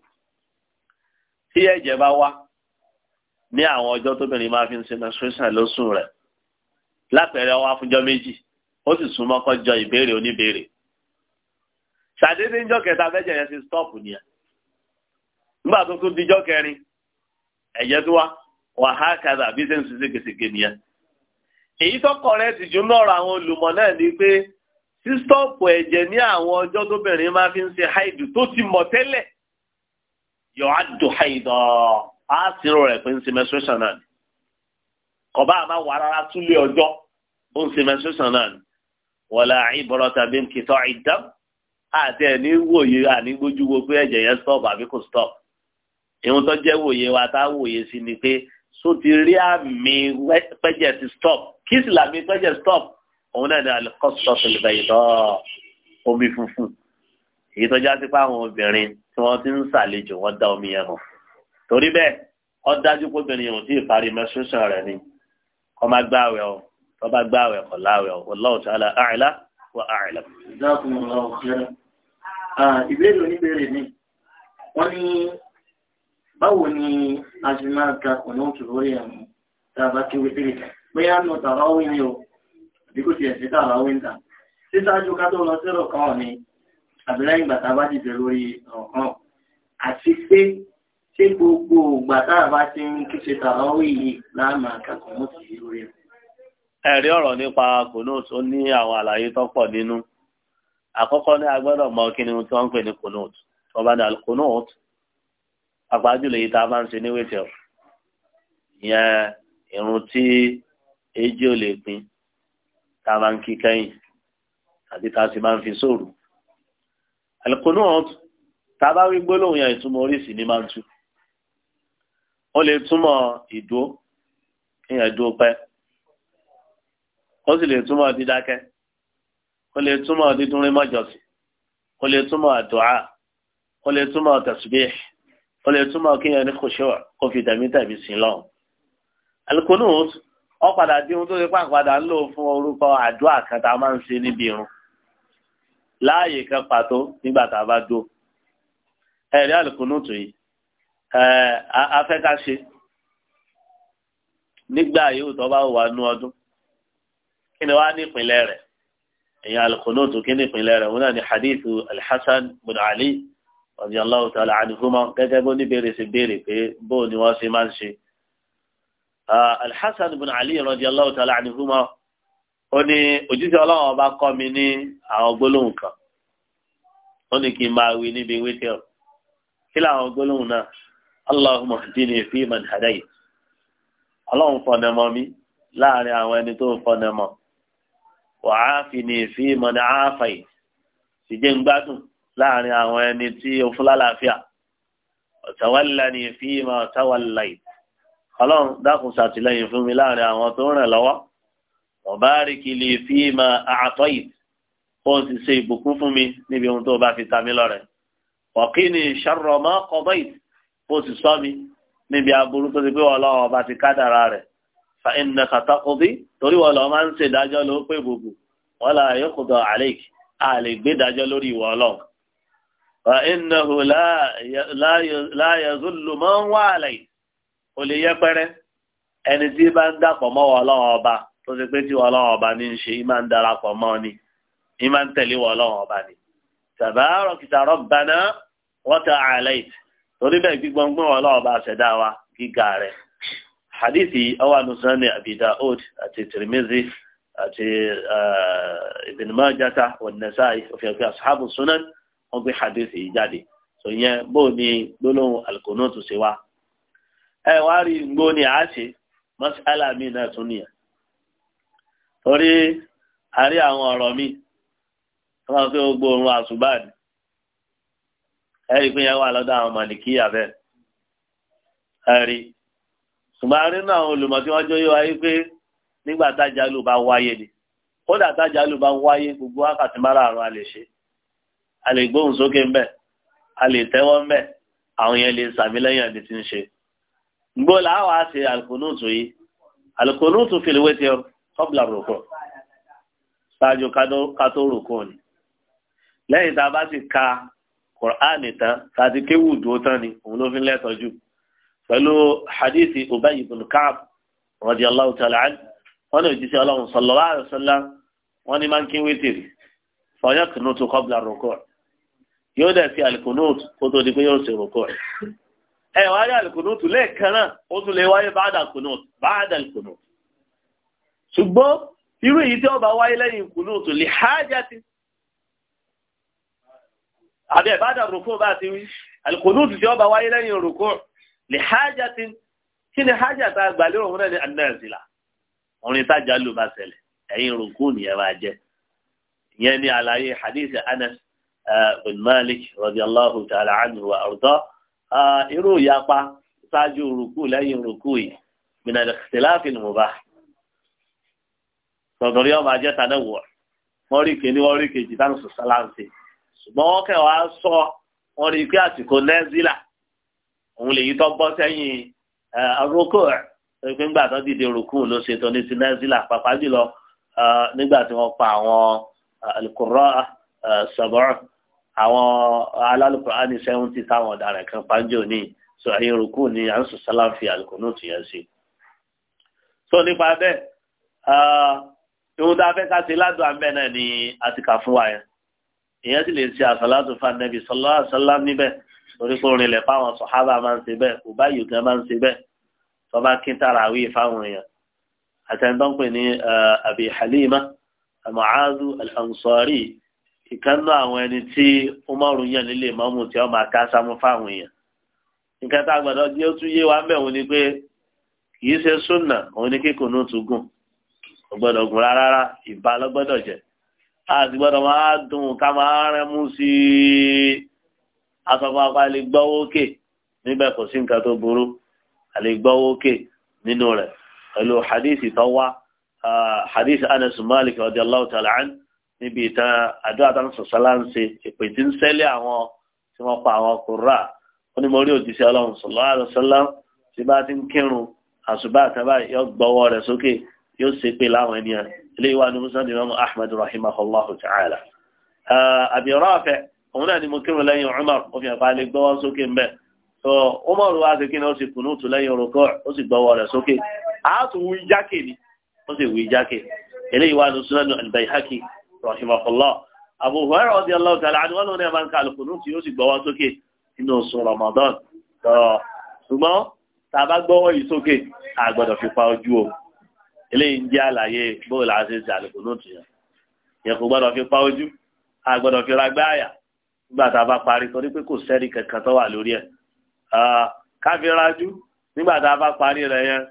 tí ẹ̀jẹ̀ bá wá ní àwọn ọjọ́ tóbìnrin máa fi ń ṣe menstruation lóṣù rẹ̀ lápẹẹrẹ ọwọ́ afúnjọ́ méjì ó sì súnmọ́ kọjọ ìbéèrè oníbèrè ṣàdédé ńjọ́ kẹta fẹ́jẹ̀ yẹn ti stop nìyẹn nígbà tó tún díjọ́ kẹrin ẹ̀jẹ̀ tó wá wàhálà kàdà bí ṣe ń nìyẹn èyí tó kọ̀ rẹ̀ tìjú náà ra àwọn olùmọ̀ náà ní pé sísítọ́ọ̀pù ẹ̀jẹ̀ ní àwọn ọjọ́ tóbìnrin máa fi ń ṣe haidu tó ti mọ̀ tẹ́lẹ̀ yọ àdùn haidu á sì rò rẹ̀ pé ń ṣe menstruation náà ni kọ̀bá àmà wà rárá túlé ọjọ́ ó ń ṣe menstruation náà ni wala ibrata bi inqita'i dam àti ẹni wòye ànígbójú wo pé ẹ̀jẹ̀ yẹn stop àbí kò stop ìhun tó jẹ́ wòye wa tá wòye sí ni pé so àmì pẹ́jẹ̀ ti stop kí sì làmì pẹ́jẹ̀ stop òun náà ní alikọ́sọ̀ tòlùbẹ̀ ìtọ́ omi funfun èyí tó já sí pé àwọn obìnrin tí wọ́n ti ń ṣàlejò wọ́n dá omi yẹn mọ̀ torí bẹ́ẹ̀ ó dájú pé obìnrin yòó tí ì parí menstruation rẹ̀ ni kó má gbààwẹ̀ o tó bá gbààwẹ̀ kó láwẹ̀ o wallahu ta'ala a'la wa a'lam. jazakumullahu khairan ìbéèrè oníbèrè ni wọ́n ní báwo ni a ṣe máa ka ọ̀nà òtún lórí ẹ̀mú tá a bá kí bí kò tiẹ̀ ṣe tààrà wíńtà sísáájú ká tó lọ sí rọ̀kan ni àbíláyìn gbàtà bá dìde lórí rọ̀kan àti pé ṣé gbogbo gbàtà bá ti ń kí ṣe tààrà wíyí láàmà kankan mú ti lórí rẹ̀. ẹ̀rí ọ̀rọ̀ nípa kònóòtù ó ní àwọn àlàyé tó pọ̀ nínú àkọ́kọ́ ní agbọ́dọ̀ mọ kí ni tí wọ́n ń pè ní kònóòtù tó bá ní alkònóòtù àpájùlẹ̀ yìí tá a máa ń ṣe ní wẹ́tẹ̀ọ̀ ìyẹn irun tí èjì ò lè pin tá a máa ń kí kẹ́yìn àti tá a sì máa ń fi sóòrù. àlùkòónú ọ̀tún tá a bá wí gbólóhùn yẹn ìtumọ̀ oríṣìí ni máa ń tú. ó lè túmọ̀ ìdúró kéèyàn dúró pẹ́. ó sì lè túmọ̀ dídákẹ́. ó lè túmọ̀ dídúnrín mọ́jọ̀sìn. ó lè túmọ̀ àdúà. ó lè túmọ̀ tasbih. ó lè túmọ̀ kéèyàn ní kòṣèwà kó fi tẹ̀mítẹ̀mí sí lọ́hùn. àlùkòónú ọ̀tún ọ padà di ohun tó ṣe pàǹpadà ń lò fún orúkọ àdúrà kan tá a máa ń ṣe níbi irun láàyè kan pàtó nígbà tá a bá dó ẹ̀rí àlùkùnútù yìí afẹ́ká ṣe nígbà yóò tó bá wà nú ọdún kí ni wàá ní ìpínlẹ̀ rẹ̀ èyí àlùkùnútù kí ni ìpínlẹ̀ rẹ̀ wọn náà ní hadithu alhassan bin ali radiyallahu ta'ala anhuma gẹ́gẹ́ bó ní béèrè béèrè pé bó ni wọ́n ṣe máa ń ṣe. Ah, alhassan ibn ali radiyallahu ta'ala anhuma ó ní òjíṣẹ́ ọlọ́run ọba kọ́ mi ní àwọn gbólóhùn kan ó ní kí n máa wí níbi wítìrì kí làwọn gbólóhùn náà allahumma hdini fi man hadayt ọlọ́run fọ̀nà mọ́ mi láàrin àwọn ẹni tó fọ̀nà mọ́ wa aafini fi man aafayt sì jẹ́ ń gbádùn láàrin àwọn ẹni tí o fún lálàáfíà wa tawallani fi ma tawallayt ọlọ́run dákun ṣàtìlẹ́yìn fún mi láàrin àwọn tó ń ràn lọ́wọ́ ọ̀báríkì lè fi máa àtọ́ yìí kó o sì ṣe ìbùkún fún mi níbi ohun tó o bá fi ta mí lọ́rẹ ọ̀kí ni ṣàròmọ́ kọ́bọ́ yìí kó o sì sọ mi níbi aburú tó ti pé ọlọ́run ọba ti kádàrá rẹ̀ fa ẹnìna kàtàkùbí torí wọn lọ máa ń ṣe ìdájọ́ ló pé gbogbo wọn là yóò kó dọ̀ àlèk a lè gbé ìdájọ́ lórí ìwọ ọlọ́run fa ẹnìna hù láyà zùlùmọ́ wà lẹ́yìn kò lè yẹpẹrẹ ẹni tí bá ń dàpọ̀ mọ́ wọn ọlọ́run ọba tó ṣe pé tí wọn ọlọ́run ọba ní í ṣe í máa ń darapọ̀ mọ́ ni í máa ń tẹ̀lé wọn ọlọ́run ọba ni. tabarakta rabbana wa ta'alayt torí bẹ́ẹ̀ gbígbọ́ngbọ́n wọn ọlọ́run ọba ṣẹ̀dá wa gíga rẹ̀. hadithi ọwọ́ anusan ni abi daud àti tirimizi àti eh, ibn majata wa nasai òfin ọ̀fẹ́ ashabu sunan wọn gbé hadithi jáde. sọ yẹn bóò ni gbólóhùn alqunut ṣe wá e wá rí ni a ṣe mọ́sálà mi náà tún nìyẹn torí àárí àwọn ọ̀rọ̀ mi fi gbogbo àṣùbà ni ẹ̀rí pé yẹn wà lọ́dọ̀ àwọn màlìkíyà bẹ́ẹ̀ ẹ̀rí ṣùgbọ́n àárín náà àwọn olùmọ̀ tí wọ́n jọ yé wa pé nígbà tájà ló bá wáyé ni kódà tájà ló bá wáyé gbogbo wákàtí márààrún a lè ṣe a lè gbóhùn sókè ńbẹ a lè tẹ́wọ́ ńbẹ àwọn yẹn lè sàmì ti ń ṣe gbọ́ làwọn á ṣe alùkònúùtù yìí alùkònúùtù fil witr qabla rúkọ ṣáájú kátó rúkọ ni lẹ́yìn tá a bá ti ka kùránì tán tàbí kéwù dúró tán ni òun ló fi lẹ́tọ̀jú pẹ̀lú hadithi Ubay ibn Ka'b radiyallahu ta'ala anhu wọn ní òjíṣẹ́ ọlọ́run sallallahu alaihi wasallam wọn ní máa ń kí wítìrì fọyọ́ kùnúùtù qabla rúkọ yóò dẹ̀ fi alùkònúùtù kó di pé yóò ṣe rúkọ ẹ wáyé àlùkùnútù lẹ́ẹ̀kan náà ó tún lè wáyé báàdà kùnútù báàdà kùnútù ṣùgbọ́n irú èyí tí ó bá wáyé lẹ́yìn kùnútù lè hájà sí àbí ẹ̀bádà rùkú bá ti wí alìkùnútù tí ó bá wáyé lẹ́yìn rùkú lè hájà sí kí ni hájà tá a gbà lérò fún ẹni anẹ́sìlá orin tájà ló bá ṣẹlẹ̀ ẹ̀yìn rùkú nìyẹn máa jẹ́ ìyẹn ni àlàyé hadith anas eh, bin malik radiyallahu ta'ala anhu wa ardọ́ irú ìyapa ṣáájú rùkú lẹ́yìn rùkú yìí minal ikhtilaf al-mubah tọ̀dọ̀rí ọmọ ajẹ́ tàdé wọ̀ wọ́n rí kìíní wọ́n rí kejì táwọn sọ sáláǹsì ṣùgbọ́n wọ́n kẹ́ wàá sọ wọ́n rí pé àsìkò nẹ́zílà òun lè yí tọ́ bọ́ sẹ́yìn rùkú rẹ̀ pé ńgbà tó dìde rùkú ló ṣe tó ní ti nẹ́zílà pàpà jùlọ nígbà tí wọ́n pa àwọn al-qurra àwọn alálùkùránì sẹ́wọ́ntì táwọn ọ̀daràn kan pàjọ ní sọ ẹ̀yìn rúkú ní ansu sálàfì àlùkùnú tì yẹn sí. tó nípa bẹ́ẹ̀ ìhun tá a fẹ́ ká ṣe ládùn abẹ́ náà ni a ti kà fún wa yẹn ìyẹn sì lè ṣe àsàlátù fanabi sọlá sọlá níbẹ̀ torí pé orin ilẹ̀ fáwọn sọ̀hábà máa ń ṣe bẹ́ẹ̀ kò bá yòókè máa ń ṣe bẹ́ẹ̀ tó bá kí tàràwí fáwọn èèyàn àtẹnudọ́pẹ̀ ní Abi Halima Mu'adh al ìkànnú àwọn ẹni tí Umaru yàn nílé mọ́mú tí wọ́n máa ká sámú fáwọn èèyàn nǹkan tá a gbọ́dọ̀ jẹ́ ó tún yé wa mẹ́wọ́n ni pé kì í ṣe súnà òun ni kíkùn ní tún gùn kò gbọ́dọ̀ gùn rárá ìbá ló gbọ́dọ̀ jẹ́ a sì gbọ́dọ̀ máa dùn ká máa rẹ́ mú sí i asọ́pọ̀ apá lè gbọ́wọ́ òkè níbẹ̀ kò sí nǹkan tó burú a lè òkè nínú rẹ̀ pẹ̀lú hadith tó wá ah, hadith Anas Malik radiyallahu ta'ala níbi ìtàn àdúrà táwọn sọ̀sálà ń ṣe ìpè àwọn tí wọ́n pa àwọn kúrà ó ní mo rí òjíṣẹ́ ọlọ́run sallallahu alaihi wasallam tí bá ti ń kírun àṣùbà àtàbà yóò gbọ́wọ́ rẹ̀ sókè yóò ṣe pé láwọn ènìyàn ilé ìwà ni musa imam ahmed rahimahullahu ta'ala. àbí ah, Rafi' òun náà ni mo kírun lẹ́yìn umar ó fi hàn pa lè gbọ́wọ́ sókè ń bẹ̀. tó umar wá sí kí ni ó sì kunutu lẹ́yìn orúkọ ó sì gbọ́wọ́ rẹ̀ sókè. àátù wí jákè ni ó sì wí jákè. ilé ìwà ni sunan al-Bayhaqi rahimahullah Abu Hurairah radiyallahu ta'ala anhu wọn lóun náà máa ń ka al-Qunut tí yóò sì gbọ́wọ́ sókè nínú oṣù Ramadan tó ṣùgbọ́n tá a bá gbọ́wọ́ yìí sókè a gbọ́dọ̀ fi pa ojú o eléyìí ń jẹ́ àlàyé bóòlù àti ṣe al-Qunut yẹn yẹn kò gbọ́dọ̀ fi pa ojú a gbọ́dọ̀ fi ragbá àyà nígbà tá a bá parí torí pé kò sẹ́ni kankan tó wà lórí ẹ̀ ká fi nígbà tá bá parí rẹ̀ yẹn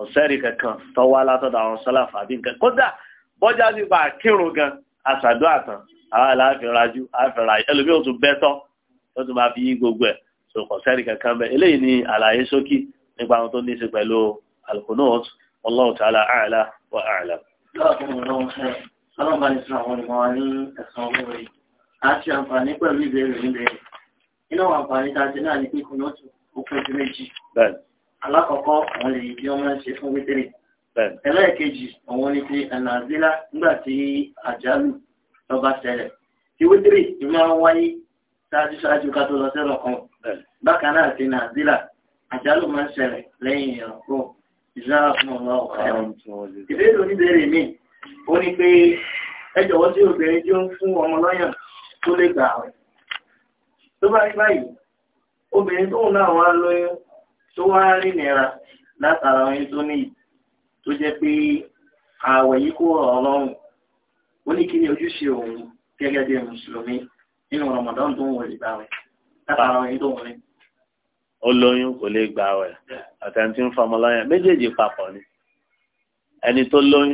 ọ̀sẹ́rì kankan tó wá látọ̀dọ̀ àwọn sálàfà bí nǹkan kódà bọ́jà ti bá kírun gan aṣàdó àtàn àwọn aláfẹ́rajú àfẹ́ra ẹlòmí ò tún bẹ́tọ́ ó tún máa fi yí gbogbo ẹ̀ tó kọ̀ sẹ́rì kankan bẹ́ẹ̀ eléyìí ni àlàyé ṣókí nípa àwọn tó ní í ṣe pẹ̀lú alkunut wallahu ta'ala a'la wa a'lam. Alákọ̀ọ́kọ́ àwọn èyí tí wọ́n máa ń ṣe fún wítírì ẹlẹ́ẹ̀kejì àwọn ni ti ẹ̀nàzílá nígbà tí àjálù lọ́ba ṣẹlẹ̀ tí wítírì tí máa ń wáyé ṣáájú ṣáájú ká tó lọ sẹ́rọ̀ kan bákan náà ti nàzílà àjálù máa ń ṣẹlẹ̀ lẹ́yìn ìrànkó ìṣára fún ọ̀la ọ̀kàrọ̀ ìbéèrè oníbèrè mi ó ní pé ẹ jọ̀wọ́ sí obìnrin tí ó ń fún ọmọ lọ́yàn tó lè gbà rẹ̀ tó bá rí báyìí obìnrin tóun náà wá lóyún tó wá rí nira látara oyún tó níyì tó jẹ́ pé ààwẹ̀ yìí kó ọ̀rọ̀ lọ́rùn ó ní kí ni ojúṣe òun gẹ́gẹ́ bí mùsùlùmí nínú Ramadan tó ń wọlé gbà wẹ̀ látara ọ̀rọ̀ yìí tó wọlé. ó lóyún kò lè gbà wẹ̀ àtẹnudí ń fọmọ lọ́yàn méjèèjì papọ̀ ni ẹni tó lóyún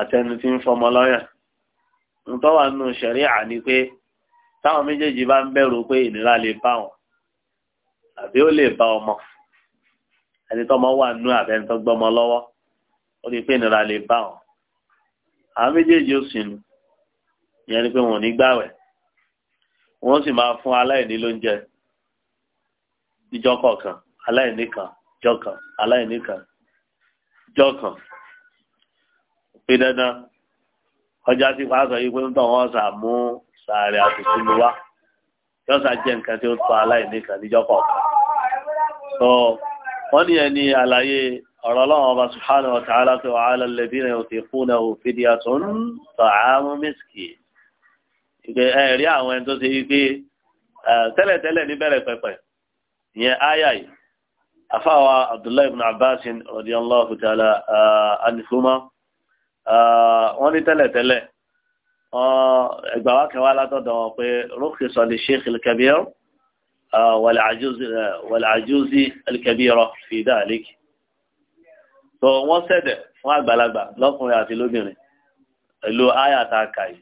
àtẹnudí ń fọmọ lọ́yàn nǹkan wà nínú ṣẹ̀ríà ni pé táwọn méjèèjì bá ń bẹ̀rù pé ìnira lè bá wọn àbí ó lè bá ọmọ ẹni tọ́mọ wà nínú àbẹ́ni tó ó lè pé ìnira lè bá wọn àwọn méjèèjì ó sinú ìyẹn ni pé wọn ò ní gbàwẹ̀ wọn sì máa fún aláìní lóúnjẹ ìjọ kọ̀ọ̀kan aláìní kan jọkan aláìní kan jọkan pé dandan ọjà tí wàá sọ yìí pé ń tọ̀ wọ́n sà mú sàárẹ̀ àtúntò mi wá yóò sá jẹ́ nǹkan tí ó tọ́ aláìní kan níjọ́ kọ̀ọ̀kan. sọ wọ́n ní ẹni àlàyé ọ̀rọ̀ ọlọ́run ọba subhanahu wa ta'ala pé wa 'ala alladhina yutiqunahu fidyatun ta'amu miskin ìgbẹ́ ẹ̀rí àwọn ẹni tó ṣe wípé tẹ́lẹ̀tẹ́lẹ̀ níbẹ̀rẹ̀ pẹ̀pẹ̀ ìyẹn áyà yìí afáwa abdullahi ibn abbas radiyallahu ta'ala anifuma wọ́n ní tẹ́lẹ̀tẹ́lẹ̀ ẹgbà wa kẹwàá látọ̀dọ̀ wọn pé rúkì sọ ní sheikh al-kabir wal-ajuzi al-kabira fi dhalik. tó wọ́n sẹ̀dẹ̀ fún àgbàlagbà lọ́kùnrin àti lóbìnrin pẹ̀lú àyàtà kàyí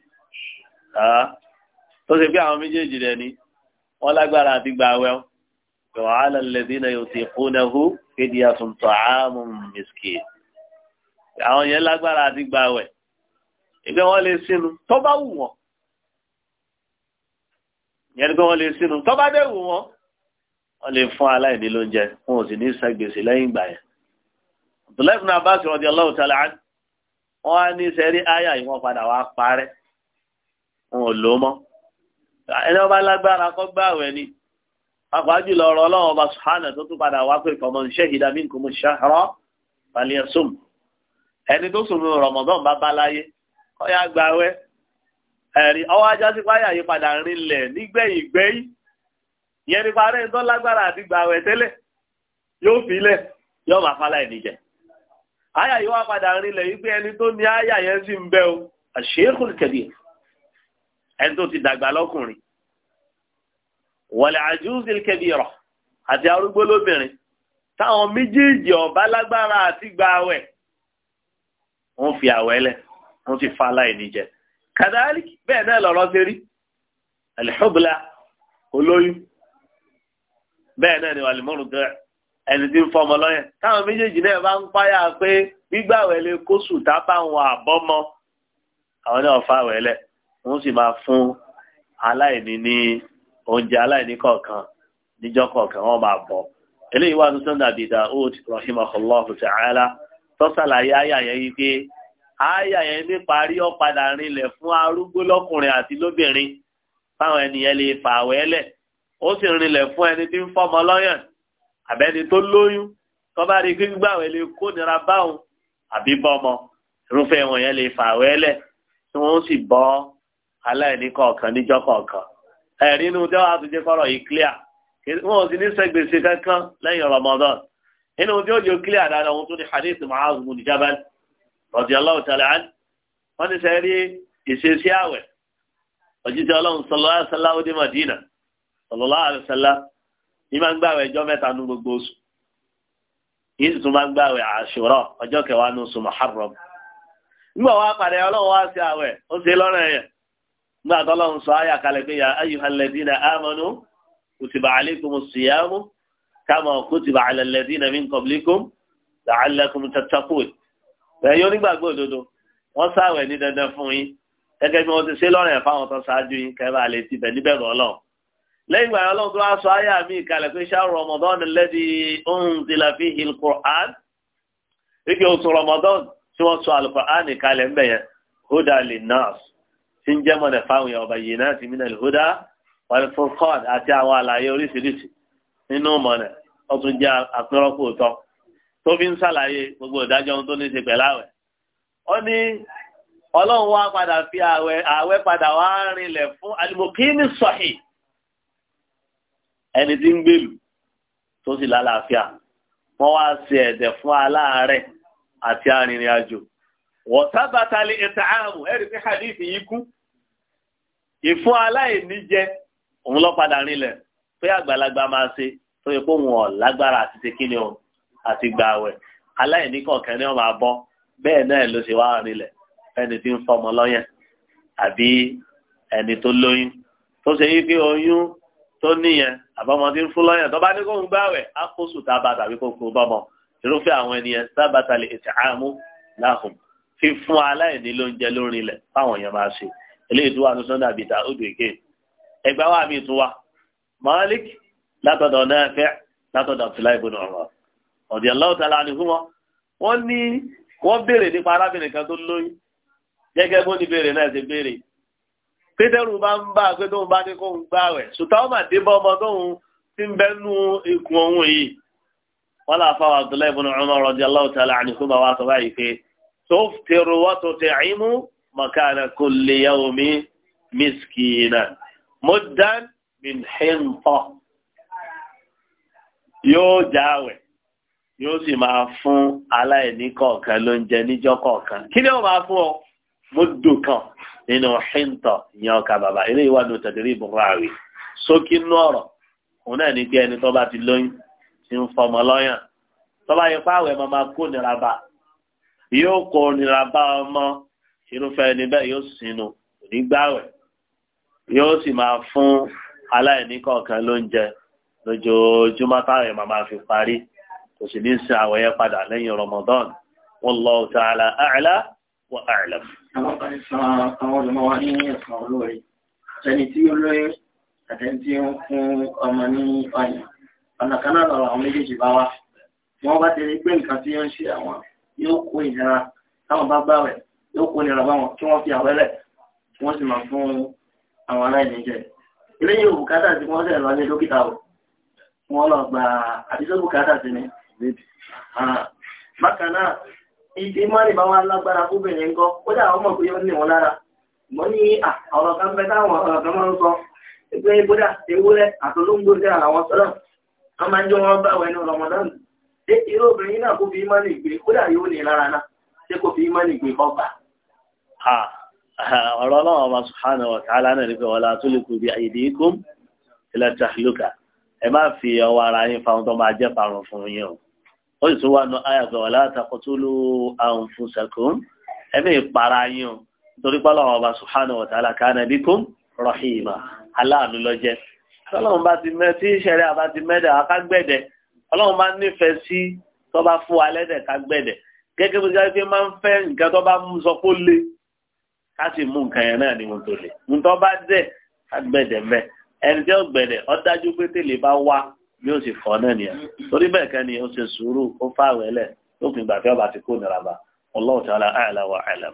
tó ṣe pé àwọn méjèèjì rẹ̀ ni wọ́n lágbára àti gbà wẹ́ọ́ wàhálà lẹ́dínà yóò ti kúnnahu kéde àtúntò àmú mìsíkì àwọn yẹn lágbára àti gbà wẹ̀ ìgbẹ́ wọn lè sínú tó bá wù wọ́n yẹn ni pé wọ́n lè sínú tó bá dẹ̀ wù wọ́n wọ́n lè fún aláìní lóúnjẹ wọn ò sì ní sàgbèsè lẹ́yìn ìgbà yẹn Abdullahi ibn Abbas radiyallahu ta'ala anhu wọ́n á ní sẹ́rí áyà yìí wọ́n padà wá parẹ́ wọn ò lò mọ́ ẹni ọba lágbára kọ́ gbá àwẹ̀ ni pàápàá jùlọ ọ̀rọ̀ ọlọ́run ọba sùhánà tó tún padà wá pé faman shahida minkumu shahra falyasum ẹni tó sùn bá bá láyé gba ẹ̀rí ọwọ́ ajá sí páyà yìí padà rinlẹ̀ nígbẹ̀yìn yẹn àyà yìí wá padà rinlẹ̀ wípé ẹni tó ní àyà yẹn sì ń bẹ o àṣeyékùn kẹ̀díẹ̀ ẹni tó ti dàgbà lọ́kùnrin wọ̀lẹ̀ àjùzìl kẹ̀díẹ̀rọ̀ àti arúgbó lóbìnrin táwọn méjèèjì ọ̀bá lágbára àti gba àwẹ̀ wọ́n fi àwẹ̀ lẹ̀ wọ́n ti fa aláìní jẹ kàdáálì bẹ́ẹ̀ náà lọ́rọ́ ṣe rí alihubla olóyún bẹ́ẹ̀ náà ni wàlímọ́rù dẹ́rẹ́ ẹni tí ń fọmọ lọ́yàn táwọn méjèèjì náà bá ń páyà pé gbígbàwẹ̀ lè kó sùtá báwọn àbọ́mọ àwọn náà fà wẹ́lẹ̀ wọ́n sì máa fún aláìní ní oúnjẹ aláìní kọ̀ọ̀kan níjọ́ kọ̀ọ̀kan wọ́n máa bọ̀ eléyìí wà tuntun dàbí ìdá old rahimahullah ta'ala tọ́sàlàyé àyà yẹn yìí pé àyà yẹn ní parí ọ̀padà rinlẹ̀ fún arúgbó lọ́kùnrin àti lóbìnrin fáwọn ènìyàn lè fà wẹ́lẹ̀ ó sì rinlẹ̀ fún ẹni tí ń fọmọ lọ́yàn àbẹ́ni tó lóyún tó bá rí gbígbà wẹ̀ lè kó nira báwọn àbí bọ́mọ irúfẹ́ wọn yẹn lè fà wẹ́lẹ̀ tí wọ́n sì bọ́ aláìní kọ̀ọ̀kan níjọ́ kọ̀ọ̀kan ẹ̀rí inú tí wọ́n á tún jẹ́ kọ́rọ̀ yìí clear wọn ò sì ní sẹ́gbèsè kankan lẹ́yìn Ramadan inú tí ó jẹ́ clear dáadáa wọn tó ní hadith Mu'adh ibn Jabal radiyallahu ta'ala anhu wọ́n ti sẹ́ ìṣesí àwẹ̀ òjijì ọlọ́run sallallahu ní máa ń gbààwẹ̀ ọjọ́ mẹ́ta ní gbogbo oṣù yìí sì tún máa ń gbààwẹ̀ àṣùrà ọjọ́ kẹwàá ní oṣù muharram nígbà wàá pàdé ọlọ́run wá sí àwẹ̀ ó ṣe lọ́rọ̀ ẹ̀yẹ nígbà tó lọ́run sọ ayà kalẹ̀ pé ya ayyuhal ladina amanu kutiba alaykumus siyamu kama kutiba ala alladina min qablikum la'allakum tattaqun lẹ́yìn ìgbà yẹn lọ́dún aṣọ ayé mi ìkàlẹ̀ pé ṣáà rọmọdán lẹ́dí unzila fihi al-Qur'an ike oṣù rọmọdán tí wọ́n sọ al-Qur'an ìkàlẹ̀ ńbẹ̀ yẹn huda linnas tí ń jẹ́ mọ̀nà fáwọn èèyàn ọba yìí náà ti mí nàlẹ́ huda wal-furqan àti àwọn àlàyé oríṣiríṣi nínú mọ̀nà ó tún jẹ́ àpérọ́pọ̀ tọ́ tó fi ń ṣàlàyé gbogbo ìdájọ́ ẹni tí ń gbèlú tó sì lálàáfíà wọ́n wá ṣe ẹ̀dẹ̀ fún aláàárẹ̀ àti arìnrìn àjò wọ̀tábàtà lè ẹ̀tà ààmù ẹ̀rí pé Hadith yìí kú ìfún aláìní jẹ òun lọ padà rinlẹ̀ pé àgbàlagbà máa ṣe tó yẹ kó wọn lágbára àti ṣe kíni o àti gbààwẹ̀ aláìní kọ̀ọ̀kan ni wọ́n máa bọ́ bẹ́ẹ̀ náà ló ṣe wá rinlẹ̀ ẹni tí ń fọmọ lọ́yàn àbí ẹni tó lóyún tó ṣe yí pé oyún tó níyẹn àbọ̀mọdé ń fún lọ́yàn tó bá ní kó ń gbáwẹ̀ á kó sùn tá a bá tàbí kó kó bọ́mọ irúfẹ́ àwọn ènìyàn sábàtà lè ti àmú láhùn fífún aláìní lóúnjẹ lórí ilẹ̀ fáwọn èèyàn máa ṣe eléyìí tó wà ní sọ́nà àbíta odò èké ẹgbẹ́ wa mi tún wa Malik látọ̀dọ̀ Nafi látọ̀dọ̀ Abdullahi ibn Umar radiyallahu ta'ala anhuma wọ́n ní wọ́n béèrè nípa arábìnrin kan tó lóyún gẹ́gẹ́ bó ní béèrè náà ṣe béèrè pétérù bá ń bá pé tóun bá ní kóun gbá rẹ̀ ṣùtọ́ mà dé bọ́ ọmọ tóun ti ń bẹ́nu ikùn òun yìí wọ́n lọ fáwọn Abdullahi ibn Umar radiyallahu ta'ala anhu bá wa sọ báyìí pé tuftiru wa tut'imu makana kulli yawmi miskinan muddan min hinta yóò jáwẹ̀ yóò sì máa fún aláìní kọ̀ọ̀kan lóúnjẹ níjọ́ kọ̀ọ̀kan kí ni ó máa fún ọ mọ́dò kan nínú xíntọ̀ ìyẹn ọkà bàbà eléyìí wà ní tẹ̀dírí ìbúraàwì sókí nú ọ̀rọ̀ òun náà ní pé ẹni tó bá ti lóyún ti ń fọmọ lọ́yàn tó bá yẹ fáwẹ̀ ọmọ máa kó nira bá yóò kó nira bá ọmọ irúfẹ́ ẹni bẹ́ẹ̀ yóò sinu onígbàwẹ̀ yóò sì máa fún aláìní kọ̀ọ̀kan lóúnjẹ lójoojúmọ́ táwọn ẹ̀ máa fi parí kò sì ní sin àwẹ̀ yẹn padà lẹ́yìn Ramadan wallahu ta'ala a'la wa a'lam àwọn kan san àwọn olùmọ̀ wa ní ẹ̀sán olóore ẹni tí ó lóye àtẹni tí ó ń fún ọmọ ní ọyàn ọ̀nà kan náà lọ̀rọ̀ àwọn méjèèjì bá wá wọ́n bá ti rí pé nǹkan tí ó ń ṣe àwọn yóò kó ìnira táwọn bá bá rẹ̀ yóò kó ìnira báwọn kí wọ́n fi àwẹ́lẹ̀ kí wọ́n sì máa fún àwọn aláìní ìdí mọ́rin bá wọn lágbára fúnbìnrin ńkọ́ kódà ọmọ pé ó ní wọn lára mo ní ọ̀rọ̀ kan bẹ táwọn ọ̀rọ̀ kan máa ń sọ pé kódà ewúrẹ́ àtolóńgbò jẹ́ àwọn sọ́dọ̀ wọ́n máa ń jẹ́ wọn báwọn ẹni Ramadan ṣé irú obìnrin náà kó fi í mọ́ni ìgbé kódà yóò ní lára náà ṣé kó fi í mọ́ni ìgbé kọ́ ọ̀rọ̀ náà ọba subhanahu wa ta'ala náà ní ẹ má fi ọwọ́ ara yín fa ohun tó máa jẹ́ parun fún yín o ó sì tún wà nù ayàgbà wà látàkọ́túlù àǹfùsàkùn ẹ̀mí ìpara yín o nítorí pé ọlọ́run ọba subhanahu wa ta'ala kana bikum rahima aláàánú lọ́jẹ́ ọlọ́run bá ti mẹ́ tí ìṣẹ̀rẹ́ àbá ti mẹ́dẹ̀ akágbẹ̀dẹ̀ ọlọ́run bá nífẹ̀ẹ́ sí tó bá fún wa lẹ́dẹ̀ kágbẹ̀dẹ̀ gẹ́gẹ́ bí sáré pé máa ń fẹ́ nǹkan tó bá mú sọ pé le ká sì mú nǹkan yẹn náà ní mo tó le mo tó bá dẹ̀ kágbẹ̀dẹ̀ mẹ́ ẹni tí ó gbẹ̀dẹ̀ ó dájú pé tèlé bá wá bí ó sì fọ́ náà nìyẹn torí bẹ́ẹ̀ kẹ́ ni ó ṣe sùúrù ó fàwẹ́ lẹ̀ lópin ìgbà tí ọba ti kó nira bá ọlọ́run tààlà àìlà wà àìlà.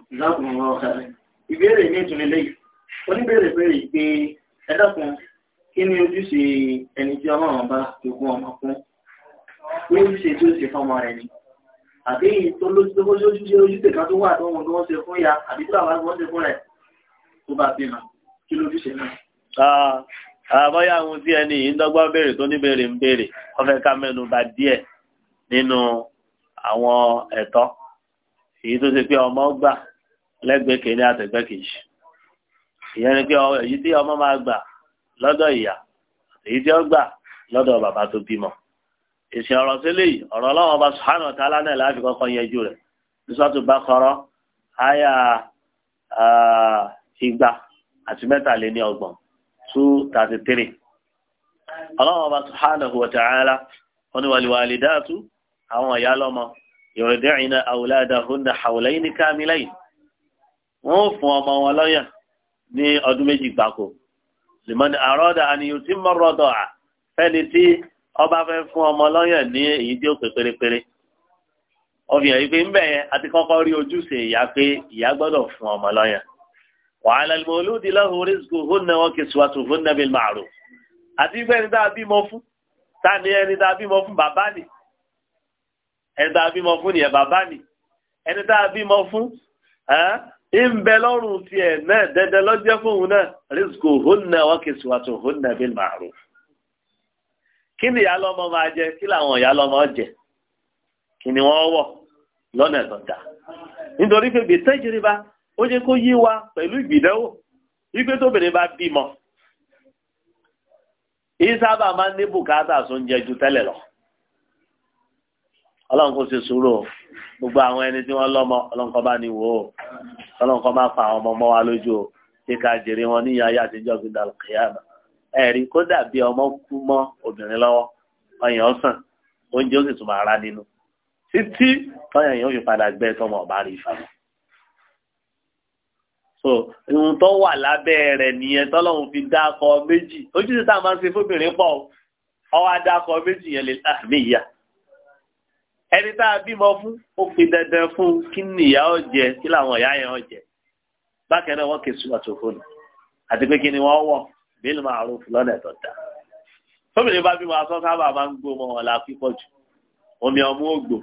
ìbéèrè ní ìtúnlẹ̀ lẹ́yìn oníbèrè bèrè pé ẹ dákun kí ni ojúṣe ẹni tí ọlọ́run bá jogún ọmọ fún pé ojúṣe tí ó ṣe fọmọ rẹ̀ ni àbí tó lójúṣe ojúṣe kan tó wà tó wọn tó wọn ṣe fún ya àbí tó àwọn tó wọn ṣe fún rẹ̀ tó bá bímọ kí lójúṣe náà. Ah, àbọ̀yá àwọn tí ẹni yìí ń dọ́gbọ́n béèrè tó ní béèrè ń béèrè wọ́n fẹ́ ká mẹ́nu bà díẹ̀ nínú àwọn ẹ̀tọ́ èyí tó ṣe pé ọmọ gbà lẹ́gbẹ̀ẹ́ kìíní àtẹ̀gbẹ́ kejì ìyẹn ni pé èyí tí ọmọ máa gbà lọ́dọ̀ ìyá èyí tí ó gbà lọ́dọ̀ bàbá tó bímọ èsì ọ̀rọ̀ sílẹ̀ yìí ọ̀rọ̀ ọlọ́run ọba sùhánù tálá náà láti kọ́kọ́ yẹjú rẹ̀ nísọ́tù bá kọ́rọ́ áyà igba àti mẹ́tàléní two thirty three ọlọ́run ọba subhanahu wa ta'ala wọn ni wàlúwàlídàtú àwọn ìyá lọ́mọ yurdi'na awladahunna hawlayni kamilayn wọn ò fún ọmọ wọn lọ́yàn ní ọdún méjì gbáko liman arada an yutimma ar-rida'a fẹ́ni tí ọba fẹ́ wàhálà mọ̀lúdì lọ́hùn oríṣìkò hónà wọn kì í sùwàtò hónà bil ma'ruf àti ìgbà ẹni tá a bímọ fún tá a ní ẹni tá a bímọ fún bàbá ni ẹni tá a bímọ fún nìyẹn bàbá ni ẹni tá a bímọ fún ń bẹ lọ́rùn tiẹ̀ náà dẹ́dẹ́ lọ́jẹ́ fóun náà rísíkò hónà wọn kì í sùwàtò hónà bil ma'ruf kí ni ìyálọ́mọ máa jẹ kí làwọn ìyálọ́mọ jẹ kí ni wọ́n wọ̀ lọ́nà tó dáa nítorí pé gbèsè ó jẹ́ kó yé wa pẹ̀lú ìgbìdánwò wípé tóbìnrin bá bímọ ìsábà máa ń ní bùkátà tó ń jẹ ju tẹ́lẹ̀ lọ ọlọ́run kò ṣe sùúrù gbogbo àwọn ẹni tí wọ́n lọ́mọ ọlọ́run kọ́ bá ní wò ó ọlọ́run kọ́ máa fa àwọn ọmọ ọmọ wa lójú o kí ká jèrè wọn níyà ayé àtijọ́ fi dàlù kìyàmà ẹ̀rí kó dàbí ọmọ kú mọ́ obìnrin lọ́wọ́ ọyàn ọ̀sán oúnjẹ ó sì tún máa rà nínú títí ọyàn yìí ó fi padà gbẹ tọmọ ọba rí ìfàmù so ohun tó wà lábẹ́ rẹ̀ nìyẹn tọ́lọ́hún fi dákọ méjì ojúṣe tá a máa ń ṣe fóbìnrin pọ̀ ọwọ́ adákọ méjì yẹn lè láàmìyà ẹni tá a bímọ fún ó fi dandan fún kí nìyá ó jẹ kí làwọn ìyá yẹn ó jẹ bákan náà wọ́n kì í sùn àtòfóònù àti pé kí ni wọ́n wọ̀ bílí máa rò fún lọ́nà ẹ̀tọ́ ta fóbìnrin bá bímọ aṣọ sábà máa ń gbó mọ wọn la pípọ̀ jù omi ọmú ògbò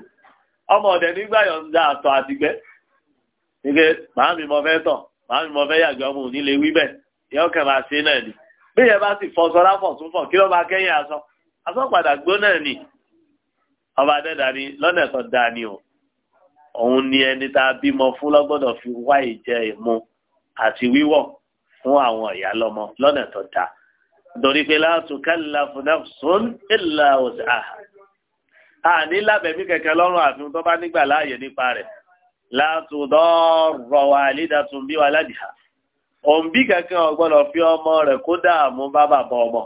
ọmọ ọ̀dẹ̀ nígbà yọ̀ ń dá àtọ̀ àtìgbẹ́ nígbẹ́ màámi mọ fẹ́ tọ̀ màá mi mọ fẹ́ yàgbẹ́ ọmọ òní lè wí bẹ́ẹ̀ yọ kẹ́ máa ṣe náà ni bí yẹn bá sì fọṣọ láfọ̀ tún fọ̀ kí ló máa kẹ́yìn aṣọ aṣọ padà gbó náà ni ọba adẹ́dà ni lọ́nà ẹ̀tọ́ da ni o òun ni ẹni tá a bímọ fún lọ́gbọ́dọ̀ fi wá ìjẹ ìmu àti wíwọ̀ fún àwọn ìyá lọ́mọ lọ́nà ẹ̀tọ́ da nítorí pé la tukallafu nafsun illa wus'aha àní lábẹ̀mí kẹ̀kẹ́ lọ́rùn àfihàn tó bá nígbà láàyè nípa rẹ̀ látòdọ́rọ̀ wà lídàtún bí wà ládìhà òǹbí kankan ọgbọ́dọ̀ fi ọmọ rẹ̀ kó dààmú bá bàbá ọmọ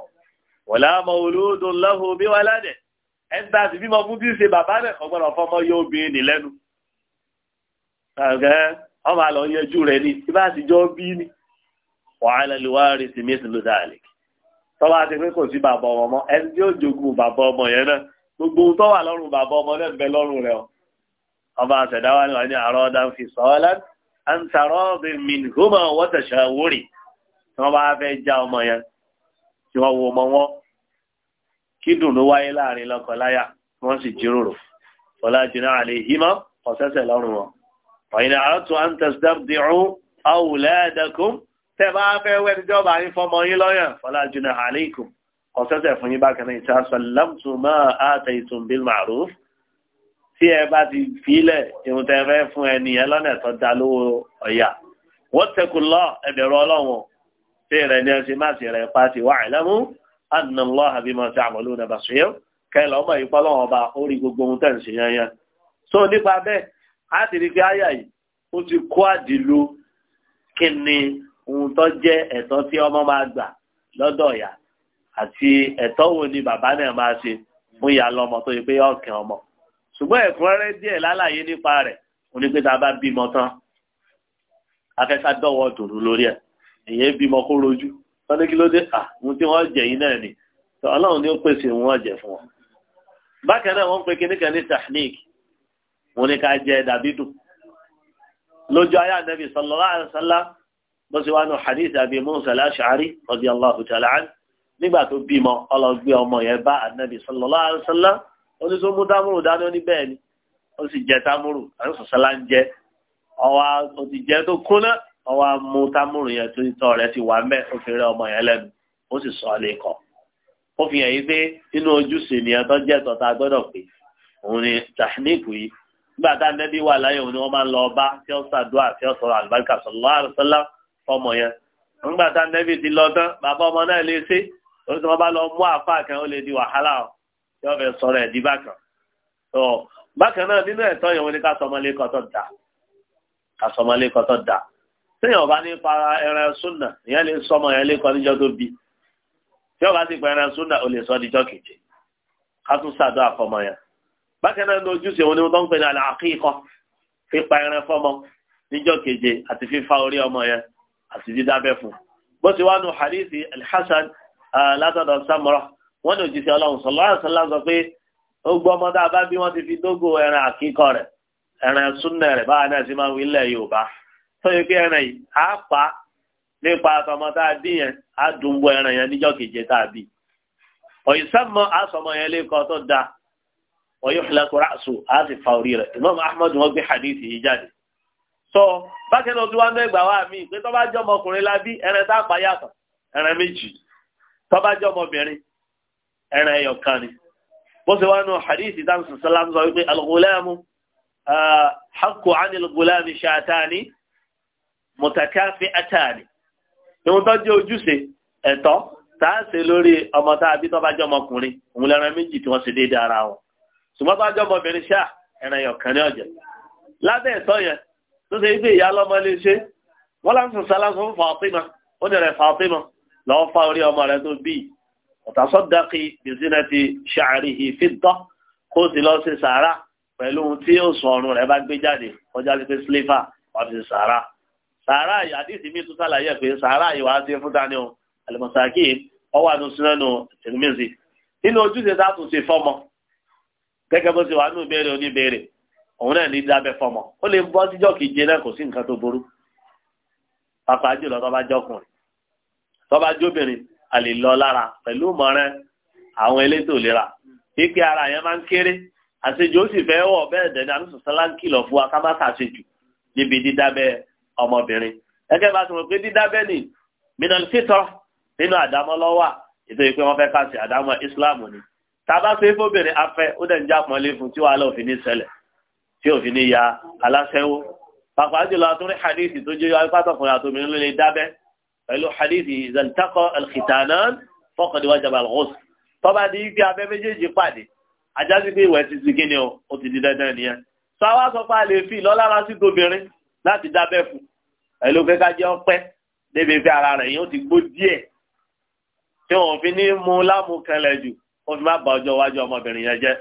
wọ̀lá mawludun lahu bí wà ládẹ̀ ẹ̀ńtà sì bímọ fún bí ṣe bàbá rẹ̀ ọgbọ́dọ̀ fọmọ yóò bí ní lẹ́nu. ọmọ àlọ́ yẹjú rẹ̀ ni tí bá sì jọ bí ni wàhálà lùwárí sí mí sílùú dáàlì tọ́wọ́ àti pé kò sí bàbá ọmọ ẹni tí ó jogún bàbá ọmọ yẹn náà gbogbo ohun lọ́rùn bàbá ọmọ náà ń bẹ lọ́rùn rẹ̀ o ọba àṣẹ̀dá wa ni wà ní àrọ́ ọ̀dà ń fi sọ́ọ́lá ń tàrọ́ bí mìngúmọ̀ wọ́tẹ̀ṣẹ̀ wúrì tí wọ́n bá fẹ́ já ọmọ yẹn tí wọ́n wo ọmọ wọn kí dùn ló wáyé láàrin lọ́kọ láyà wọ́n sì jíròrò ọ̀la jìnnà àlè hímọ́ ọ̀sẹ̀sẹ̀ lọ́rùn wọn. ọ̀yìn àrọ́tù àǹtẹ̀sídẹ́rù àwùlẹ́ẹ̀dẹ́kùn tẹ́ bá fẹ́ tí ẹ bá ti fílẹ̀ ìhun tẹ fẹ́ fún ẹ nìyẹn lọ́nà ẹ̀tọ́ da lówó ọ̀yà wọ́n tẹkùn lọ ẹ̀bẹ̀rù ọlọ́run tí rẹ̀ ní ẹsẹ̀ má sì rẹ̀ pa ti wá àìlẹ́mú ànàlọ́ àbí mọ̀ sí àmọ́lú nàbà sùnyẹ́ kẹlẹ́ ọmọ yìí pọ́ lọ́wọ́ ọba ó rí gbogbo ohun tẹ̀ ń ṣe yẹn yẹn so nípa bẹ́ẹ̀ á ti yìí ó ti kó àdìlú kí ni ohun tó jẹ́ ẹ̀tọ́ tí ọmọ máa gbà lọ́dọ̀ ọ̀yà àti ẹ̀tọ́ wo ni bàbá náà máa ṣe fún ìyá lọ́mọ tó yẹ pé ọ̀kẹ́ ọmọ ṣùgbọ́n ẹ̀kúnrẹ́rẹ́ díẹ̀ lálàyé nípa rẹ̀ onípe tá a bá bímọ tán afẹ́sá dọ̀wọ́ dòrò lórí ẹ̀ èyí bímọ kó rojú wọ́n ní kí ló dé à ń tí wọ́n jẹ̀ yín náà ni ọlọ́run ni ó pèsè wọn jẹ̀ fún wọn. bákan náà wọ́n pe kíníkan ní tahnik mo ní ká jẹ dàbídù lójú ayé ànábì sallallahu alaihi bó ṣe wá nù hadith àbí musa al-ash'ari radiyallahu nígbà tó bímọ ọlọ́gbé ọmọ yẹn bá ànábì sallallahu alaihi oníṣòwò dámúrò dání ó ní bẹ́ẹ̀ ni ó sì jẹ támúrò àti sọ̀sálà ń jẹ ọwọ́ òtìjẹ́ tó kúnná ọwọ́ amú támúrò yẹn tó tọ́ rẹ ti wà mẹ́ ó fi rẹ ọmọ yẹn lẹ́nu ó sì sọ ọ́ lè kọ́ ó fi hàn yí pé inú ojúṣe nìyẹn tó jẹ́ tọ́ta gbọ́dọ̀ pé òun ni tahniku yìí nígbà tá nẹ́bí wà láyé òun ni wọ́n máa ń lọ ọba tí ó ṣàdúrà tí ó sọ̀rọ̀ àlùbáríkà sallallahu alaihi wasallam fọmọ yẹn nígbà tá nẹ́bí ti lọ tán bàbá ọmọ náà lè ṣe yóò fẹ́ sọ̀rọ̀ ẹ̀dí bákan tó bákan náà nínú ẹ̀tọ́ yẹn wọ́n ní ká sọmọlé kọ́tọ̀ dà ká sọmọlé kọ́tọ̀ dà téèyàn bá ní para ẹran súnà ìyẹn lè sọmọ yẹn lẹ́kọ́ níjọ́ tó bí tí ọba ti pa ẹran súnà ó lè sọ níjọ́ keje ká tún sàdó àfọmọ yẹn bákan náà ní ojúṣe wọn ni wọn tó ń pè ní àlàkíkọ wọ́n ní òjíṣẹ́ ọlọ́run sọ̀lọ́ àṣọlá sọ pé ó gbọ́ ọmọ tá a bá bí wọ́n ti fi dógò ẹran àkíkọ rẹ̀ ẹran súnà rẹ̀ báwa náà sì máa ń wí ilẹ̀ yorùbá tó yẹ pé ẹran yìí á pa nípa àtọmọ tá a bí yẹn á ẹran da á sì fa orí rẹ̀ wọn gbé hadith yìí jáde sọ ẹran ẹyọ kan ni bó ṣe wá nù hadithi dáhùn sọsọlá ń sọ wípé alghulamu hakku ani alghulami ṣaataani mutakafi ataani ìwọ̀n tó jẹ́ ojúṣe ẹ̀tọ́ tá a ṣe lórí ọmọ tá a bí tó bá jẹ́ ọmọkùnrin òun lẹ́ran méjì tí wọ́n ṣe déédé ara wọn ṣùgbọ́n tó bá jẹ́ ọmọbìnrin ṣáà ẹran ẹyọ kan ní ọ̀jẹ̀ lábẹ́ ẹ̀tọ́ yẹn tó ṣe wípé ìyá ọlọ́mọ lè ṣe wọ́n láǹsọ̀sọ́lá fún Fatima ó ní rẹ̀ Fatima lọ́wọ́ fá orí ọmọ rẹ̀ tó bíi ọ̀tàsọ́dàkì بزينة ṣàríhì fìtọ́ kó sì lọ sí sàárà pẹ̀lú ohun tí yóò sùn ọrùn rẹ̀ bá gbé jáde kọjá sí pé sílífà wà fi sàárà sàárà yìí àdìsí mi tún sàlàyé pé sàárà yìí wàá sí fún daniel alimọ̀sáàkì ọwọ́ àdùnsínẹ́nu tìrìmìsì nínú ojúṣe tá a tún ṣe fọ́mọ gẹ́gẹ́ bó ṣe wà nínú ìbéèrè oníbéèrè òun náà ní dábẹ́ fọ́mọ ó lè bọ́ síjọ́ keje náà kò sí nǹkan tó burú pàpà jùlọ tó bá jọkùnrin tó bá jóbìnrin a lè lọ lára pẹ̀lú mọ̀rẹ́ àwọn elétò ìlera pípé ara yẹn máa ń kéré àṣejù ó sì fẹ́ wọ̀ bẹ́ẹ̀ dẹ̀dẹ̀ àmì sọ̀sálà ń kìlọ̀ fún wa ká má ṣàṣejù níbi dídábẹ́ ọmọbìnrin gẹ́gẹ́ bá ti mọ̀ pé dídábẹ́ ni minal fitr nínú àdámọ́ lọ́wọ́ ètò ìpè wọn fẹ́ ká sí àdámọ́ Islam ni tàbá fẹ́ fóbìnrin afẹ́ ó dẹ̀ ń já pọ́nlé fún tí wàhálà òfin ní ṣẹlẹ̀ tí òfin ní ya aláṣẹ́wó pàpàá jùlọ àtúrí hadithi tó jẹ́ yọ pẹ̀lú hadithi zaltakọ alkhitanan fọkàn níwájú balghus tọ́ba di ibi abẹ́ méjèèjì pàdé ajásí pé ìwẹ̀ títí kí ni o ó ti di dandan nìyẹn sáwá sọ pé a lè fi ìlọ́lára sí tóbìnrin láti dábẹ́ fún pẹ̀lú pé ká jẹ́ ọpẹ́ débi pé ara rẹ̀ yóò ti gbó díẹ̀ tí wọn fi ní mú lámú kanlẹ̀ jù wọn fi má ba ọjọ́ iwájú ọmọbìnrin yẹn jẹ́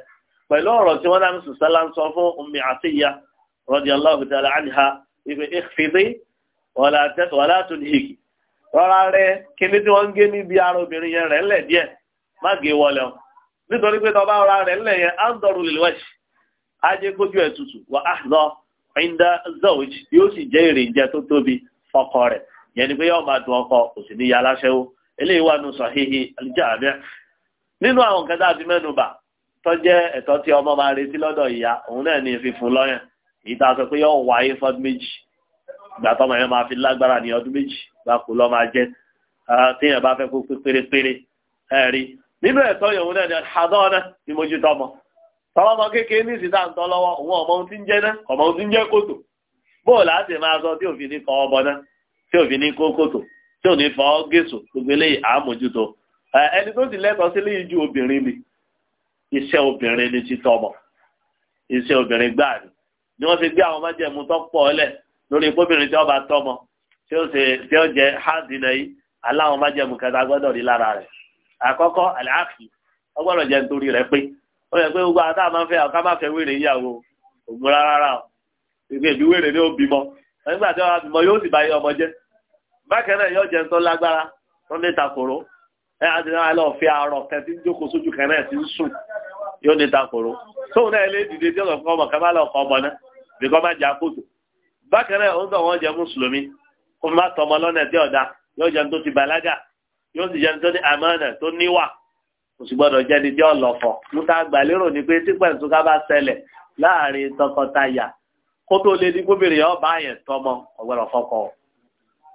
pẹ̀lú ọ̀rọ̀ tí wọ́n dáhùn ń sọ fún Ummi rọra rẹ kíní tí wọ́n ń gé níbi ara obìnrin yẹn rẹ̀ ńlẹ̀ díẹ̀ má gé wọlé o nítorí pé tọba ọ̀rá rẹ̀ ńlẹ̀ yẹn á ń dọ̀rù lè ajé kójú ẹ̀ tutù wà á lọ ẹ̀ńdá zawj yóò sì jẹ́ tó tóbi fọkọ rẹ̀ yẹn ni pé yóò máa ọkọ kò sì ní ya aláṣẹ́wó eléyìí wà nù sahihi al-jami' nínú àwọn kẹta àti mẹ́nubà tó jẹ́ ẹ̀tọ́ tí ọmọ máa retí lọ́dọ̀ ìyá òun náà ní fífún lọ́yàn ìta sọ pé yóò wáyé fọdún méjì ìgbà tọmọ yẹn máa fi lágbára ní ọdún méjì gbáko lọ́ máa jẹ́ tíyẹn bá fẹ́ kó pé pérépéré ẹ̀rí nínú ẹ̀tọ́ yòówù náà ni àdán náà ni mo ju tọmọ tọmọ kékeré ní ìsìta ń tọ́ lọ́wọ́ òun ọmọ ohun tí ń jẹ́ náà ọmọ ohun tí ń jẹ́ kòtò bóò láti máa sọ tí òfin ní kọ́ ọbọ náà tí òfin ní kó kòtò tí ò ní fọ́ gèsò gbogbo eléyìí àmójútó ẹni tó sì lẹ́tọ̀ọ́ sílé ju obìnrin ni iṣẹ́ obìnrin ni ti tọmọ iṣẹ́ obìnrin gbáà ni wọ́n ti gbé àwọn májẹ̀mú tó pọ̀ lẹ̀ lórí kóbìnrin tí wọ́n bá tọmọ tí ó ṣe tí ó jẹ hádìnà yìí aláwọn májẹ̀mú kẹta gbọ́dọ̀ rí lára rẹ̀ àkọ́kọ́ àlàáfì ọgbọ́dọ̀ jẹ́ nítorí pé ó yẹ pé gbogbo àtàwọn máa ń fẹ ọ̀ká máa ìyàwó ògùn rárá rà ó ìgbé ìbí ni ó bímọ nígbà tí wọn bímọ yóò sì bá ọmọ jẹ yóò jẹ nítorí lágbára ní ẹ àti náà lọ fi ń jókòó sójú kẹrẹ ti ń sùn yóò ní tóun náà lè dìde tí ọmọ kó má tọmọ lọ́nà tí ọ̀dà yóò jẹun tó ti bàlágà yóò sì jẹun tó ní àmánà tó níwà kò sì gbọ́dọ̀ jẹni tí ọlọ́fọ̀ níta gbàlérò ni pé tí pẹ̀sùká bá ṣẹlẹ̀ láàrin tọkọtaya kó tó lé ní gómìnà ọba yẹn tọmọ ọgbọ́dọ̀ fọkọ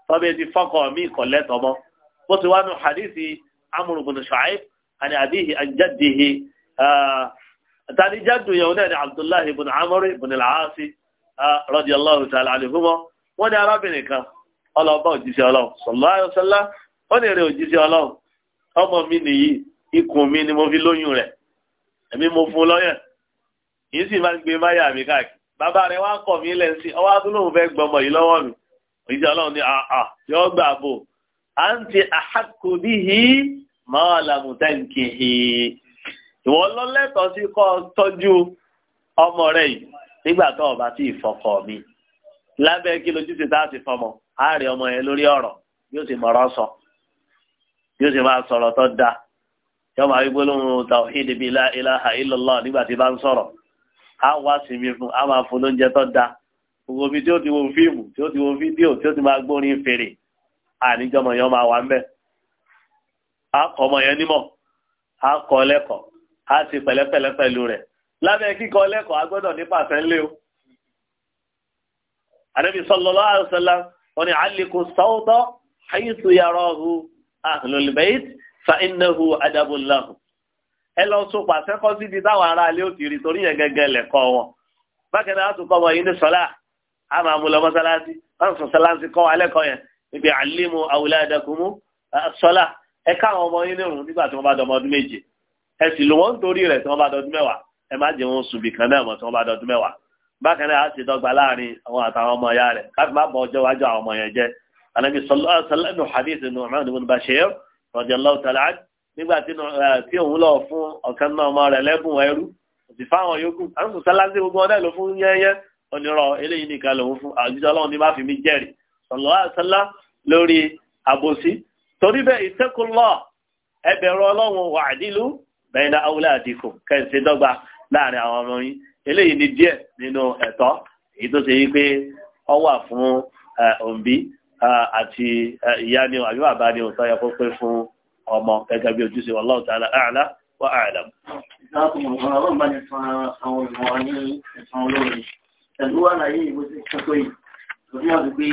tọ́bí ti fọkọ mí kọ̀lẹ́ tọmọ bó ti wá nu hadithi amru bin àni abihi an jaddihi tani yẹn náà ni abdullahi bin amr bin al-aasi radiyallahu ta'ala anhuma wọ́n ní arábìnrin kan ọlọ́ọ̀bá òjíṣẹ́ ọlọ́run sọ̀lọ́ ayọ̀sọ́lá ó ní èrè òjíṣẹ́ ọlọ́run ọmọ mi nìyí ikùn mi ni mo fi lóyún rẹ̀ èmi mo fún un lọ́yàn yìí sì máa ń gbé máyà mi káàkiri bàbá rẹ̀ wá kọ̀ mí lẹ́ sí ọwọ́ adúlóhùn fẹ́ gbọmọ yìí lọ́wọ́ mi òjíṣẹ́ ọlọ́run ní àà yọ gbà bò à ń ti àhàkù níhì máa làmù tẹ́ǹkìhì ìwọ lọ́lẹ́tọ̀ọ́ sí kọ́ tọ́jú ọmọ rẹ̀ yìí nígbà tó o bá ti fọkọ mi lábẹ́ kí lójúṣe tá a ti fọmọ á rí ọmọ yẹn lórí ọ̀rọ̀ yóò sì mọ̀rọ̀ sọ yóò sì máa sọ̀rọ̀ tó da yóò máa wípé lóhun tawhid bi la ilaha illallah nígbà tí bá ń sọ̀rọ̀ á wá sinmi fún á máa fún lóúnjẹ tó da gbogbo ibi tí ó ti wo fíìmù tí ó ti wo fídíò tí ó ti máa gbórin fèrè àníjọmọ yẹn máa wà ń bẹ á kọ ọmọ yẹn nímọ̀ á kọ lẹ́kọ̀ọ́ á ti pẹ̀lẹ́pẹ̀lẹ́ pẹ̀lú rẹ̀ lábẹ́ kíkọ lẹ́kọ̀ọ́ agbọ́dọ̀ nípasẹ̀ ńlẹ́ o. àdébí sallallahu alaihi wọ́n ní àlékò sọ́ọ́tọ̀ àyíṣu yàrá ọ̀hún àlùlùbẹ́ẹ̀tì fa ináhu adábòláhù ẹ lọ sọ pàṣẹ kọ́ síbi táwọn ará ilé òtì rí torí yẹn gẹ́gẹ́ lẹ́kọ́ wọn bákan náà tún kọ́ wọn yìí ní sọ́lá a máa mú lọ mọ́sálásí wọ́n sọ sọ́lásí kọ́ alẹ́ kọ́ yẹn níbi àlímù àwùládàkùnmú sọ́lá ẹ káwọn ọmọ yín nírun nígbà tí wọ́n bá dọmọ ọdún méje ẹ sì lò wọ́n nítorí rẹ̀ tí wọ́n bá dọdún mẹ́wàá ẹ má jẹ́ wọn sùn bìkan náà mọ́ tí wọ́n bá dọdún mẹ́wàá bákan náà a ti dọ́gba láàrin àwọn àtàwọn ọmọ ya rẹ̀ káfí má bọ̀ ọjọ́ iwájú àwọn ọmọ yẹn jẹ́ anabi sọlẹ́nu hadith nu'man ibn bashir radiyallahu ta'ala nígbà eh, tí òun lọ fún ọ̀kan náà ọmọ rẹ̀ lẹ́bùn ẹrú òsì fáwọn yòókù àwọn sọlásí gbogbo ọdẹ ló fún yẹyẹ onírọ eléyìí nìkan lòun fún àjíjọ ọlọ́run ní má fi mí jẹ́rìí sọlọ́sọlá lórí àbòsí torí bẹ́ẹ̀ ìtẹ́kùnlọ́ ẹbẹ̀rọ ọlọ́run wa'dilu láàrin àwọn ọmọ yín eléyìí ni díẹ̀ nínú ẹ̀tọ́ èyí tó ṣe yí pé ọ wà fún òǹbí àti ìyá ni àbí bàbá ni òǹtọ́ yẹ kó pé fún ọmọ gẹ́gẹ́ bí ojúṣe wallahu ta'ala a'la wa a'lam. pẹ̀lú àlàyé ìwé tí kí tó yìí lórí àti pé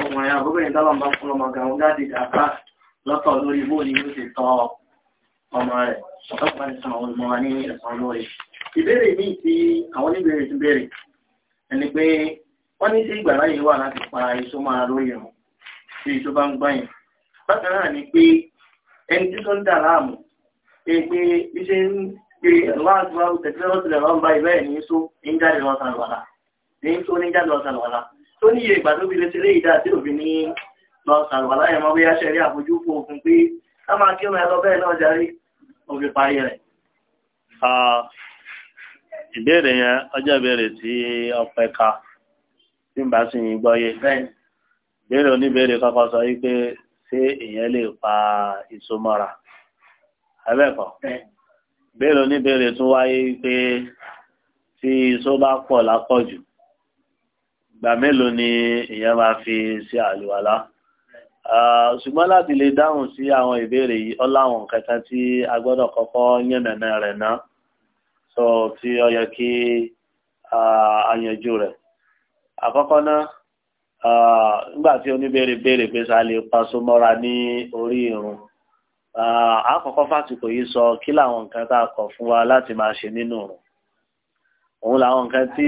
ọkùnrin àbúgbẹ̀yìn dábà máa fún ọmọ gàún dáàdì dàbà lọ́tọ̀ lórí bóòlù yóò ti tọ́ ọmọ rẹ̀ ọ̀tọ́pàá ní sàn ọmọ ní ẹ̀sán lórí ìbéèrè míì tí àwọn oníbèrè ti béèrè ẹni pé wọ́n ní sí ìgbà láyé wà láti pa èso máa lórí ẹ̀hún tí èso bá ń gbọ́yìn bákan náà ni pé ẹni tí tó ń dà láàmú pé pé iṣẹ́ ń pé ẹ̀rọ àgbà tẹ̀síwájú lẹ̀rọ ń bá ibẹ̀ ní so ní jáde lọ sàlùwàlà ní so ní jáde lọ sàlùwàlà tó ní iye ìgbà tó fi lè ṣe léyìí dáa tí ìbéèrè yẹn ọjọ́ ìbéèrè tí ọpẹ́ ká tí n bá sì yín gbọ́ yé ìbéèrè oníbéèrè kọ́kọ́ sọ yìí pé ṣé èèyàn lè pa èso mọ́ra abẹ́kọ̀ ìbéèrè oníbéèrè tún wáyé pé tí èso bá pọ̀ lápọ̀jù ìgbà mélòó ni èèyàn máa fi ṣe àlùwàlá ṣùgbọ́n láti lè dáhùn sí àwọn ìbéèrè yìí ọláwọn kẹta tí a gbọ́dọ̀ kọ́kọ́ yẹ̀nẹ̀nẹ̀ rẹ̀ náà tó tí ó yẹ kí ayanjú rẹ̀ àkọ́kọ́ náà nígbà tí oníbèrè béèrè pé sá lè paṣọ mọ́ra ní orí irun àkọ́kọ́ fásitì yìí sọ kí làwọn nǹkan tá a kọ̀ fún wa láti máa ṣe nínú irun òun làwọn nǹkan tí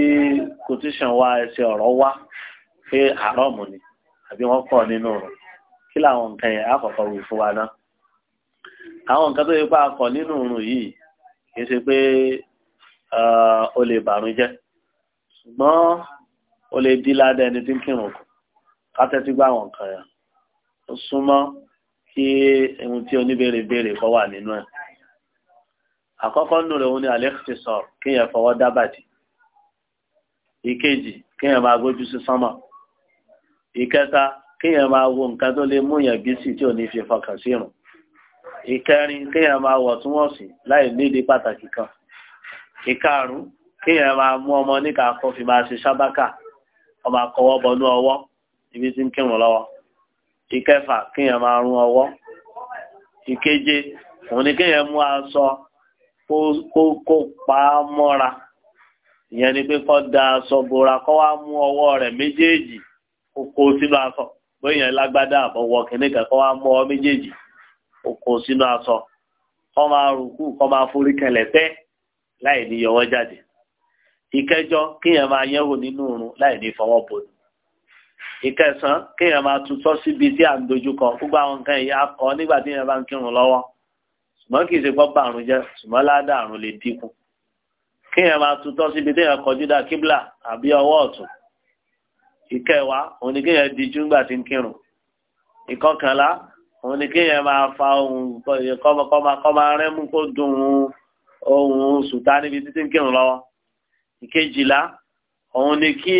quotation wa ẹsẹ̀ ọ̀rọ̀ wá pé àrọ́ọ̀mù ni àbí wọ́n kọ̀ nínú rẹ̀ kí làwọn nǹkan yẹn àkọ́kọ́ wí fún wa náà àwọn nǹkan tó yẹ pé a kọ̀ nínú òrùn yìí kì í ṣe pé ó lè bàrún jẹ́ ṣùgbọ́n ó lè dí ládẹ́ ẹni tí ń kírun kù kátẹ́tí gbá àwọn nǹkan yẹn ó súnmọ́ kí ohun tí oníbèrè béèrè kọ́ wà nínú ẹ̀ àkọ́kọ́ nù rẹ̀ òun ni alex ti sọ̀rọ̀ kéèyàn fọwọ́ dábàdì ìkejì kéèyàn máa gbójú sí sánmà ìkẹta kéèyàn máa wo nǹkan tó lè múyàn bísí tí ò ní fi fọkàn sí irun ìkẹrin kéèyàn máa wọ̀túnwọ̀sì láì nídìí pàtàkì kan ìkarùn kéèyàn máa mú ọmọ níka kó fi máa ṣe sábàkà ọmọ akọwọ́ bọnú ọwọ́ ibi tí ń kírun lọ́wọ́ ìkẹfà kéèyàn máa rún ọwọ́ ìkeje òun ni kéèyàn mú aṣọ kó kó pa á mọ́ra ìyẹn ni pé kó da aṣọ bora kó wá mú ọwọ́ rẹ̀ méjèèjì kó sínú aṣọ bóyá ìyẹn lágbádá àbọ̀wọ̀ kìnnìkan kó wá mú ọwọ́ méjèèjì kó sínú aṣọ kó máa rùkú kó máa forí kẹlẹ̀ tẹ́ láì ní yọwọ́ jáde ìkẹjọ kéèyàn máa yẹ̀wò nínú oorun láì ní fọwọ́ bòlù ìkẹsàn kéèyàn máa tutọ́ síbi tí à ń dojúkọ gbogbo àwọn nǹkan ìyá kọ nígbà tí èèyàn bá ń kírun lọ́wọ́ ṣùgbọ́n kì í ṣe pọ́pọ́ àrùn jẹ ṣùgbọ́n ládà àrùn lè dínkù kéèyàn máa tutọ́ síbi tí èèyàn kọjú dá kíbla àbí ọwọ́ ọ̀tún ìkẹwàá òun ni kéèyàn dijú nígbà tí ń kírun ìkọkànlá òun ni kéèyàn máa fa ohun kọ́ máa rẹ́mú kó dùn ún ohun sùtá níbi títí ń kírun lọ́wọ́ ìkejìlá òun ni kí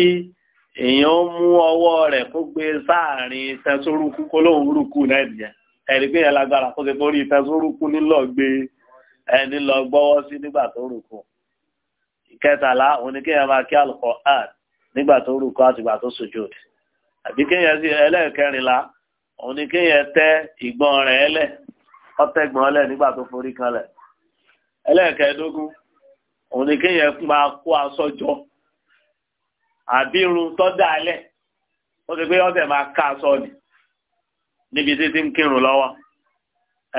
èèyàn mú ọwọ́ rẹ̀ kó gbé sáàrin ìfẹsórúkú kó lóun rúkú náà nìyẹn ẹ̀rí pé yẹn lágbára kó ṣe pé orí ìfẹsórúkú nílọ gbé ẹni lọ gbọ́wọ́ sí nígbà tó rúkú ìkẹtàlá òun ni kéèyàn máa kí àlùkò àn nígbà tó rúkú àtìgbà tó sùjúd àbí kéèyàn sí ẹlẹ́ẹ̀kẹrìnlá òun ni kéèyàn tẹ ìgbọ́n rẹ̀ ẹlẹ̀ ọ̀tẹ̀gbọ́n ẹlẹ̀ nígbà tó forí kanlẹ̀ ẹlẹ́ẹ̀kẹ́ẹ̀dógún òun ni kéèyàn máa kó aṣọ jọ àbí irun tó dá ó ti pé ọ̀sẹ̀ máa ká aṣọ ni níbi tí ti ń kírun lọ́wọ́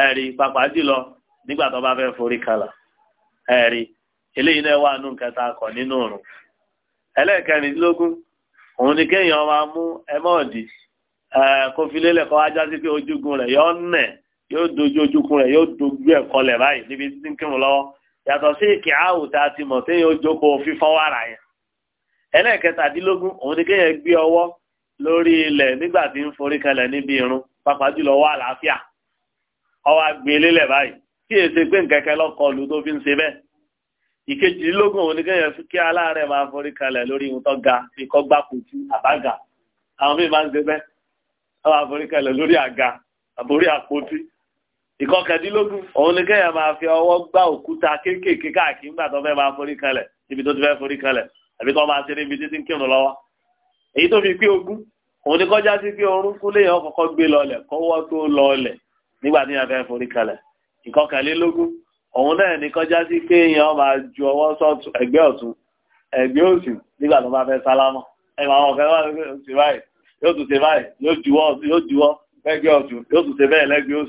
ẹ̀rí pàpà jùlọ nígbà tó bá fẹ́ forí kalà ẹ̀rí eléyìí náà wà nù kẹta kọ̀ nínú òrùn ẹlẹ́ẹ̀kẹrìndínlógún òun ni kéèyàn máa mú ẹmọ́ọ̀dì kófílélẹ̀ kọ́ ajá sí pé ojúgun rẹ̀ yóò dojú ojúkun rẹ̀ yóò dojú ẹ̀kọ́ lẹ̀ báyìí níbi tí ń kírun lọ́wọ́ yàtọ̀ sí ìkì áwò tá a ti mọ̀ tí yóò jókòó fífọ́ wàrà yẹn ẹlẹ́ẹ̀kẹtàdínlógún òun ni kéèyàn gbé ọwọ́ lórí ilẹ̀ nígbà tí ń forí kalẹ̀ níbi irun pàápàá jùlọ wà àlàáfíà ọwọ́ agbélé e lẹ̀ báyìí kí èsè pé nkẹ́kẹ́ lọ́kọlù tó fi ń ṣe bẹ́ẹ̀ ìkejìdínlógún òun ni kéèyàn kí aláàárẹ̀ máa forí kalẹ̀ lórí ohun tó ga bí kọ́ gbá kùtù àbága àwọn míì máa ń ṣe bẹ́ẹ̀ wọ́n máa forí lórí àga àbórí àpótí ìkọkàndínlógún òun ni kéèyàn máa fi ọwọ́ gbá òkúta kéékèèké káàkiri nígbà tó fẹ́ máa forí kalẹ̀ níbi tó ti fẹ́ forí kalẹ̀ àbí tó máa ṣe níbi títí ń kírun lọ́wọ́ èyí tó fi pé ogún òun ni kọjá sí pé orúnkún léèyàn kọ́kọ́ gbé lọlẹ̀ kọ́wọ́ tó lọlẹ̀ nígbà tí yẹn fẹ́ forí kalẹ̀ ìkọkànlélógún òun náà ni kọjá sí pé èèyàn máa ju ọwọ́ sọ́tún ẹgbẹ́ ọ̀tún ẹgbẹ́ òsì nígbà tó bá fẹ́ sálámọ̀ ẹ máa wọn kẹwàá yóò tún ṣe báyìí yóò tún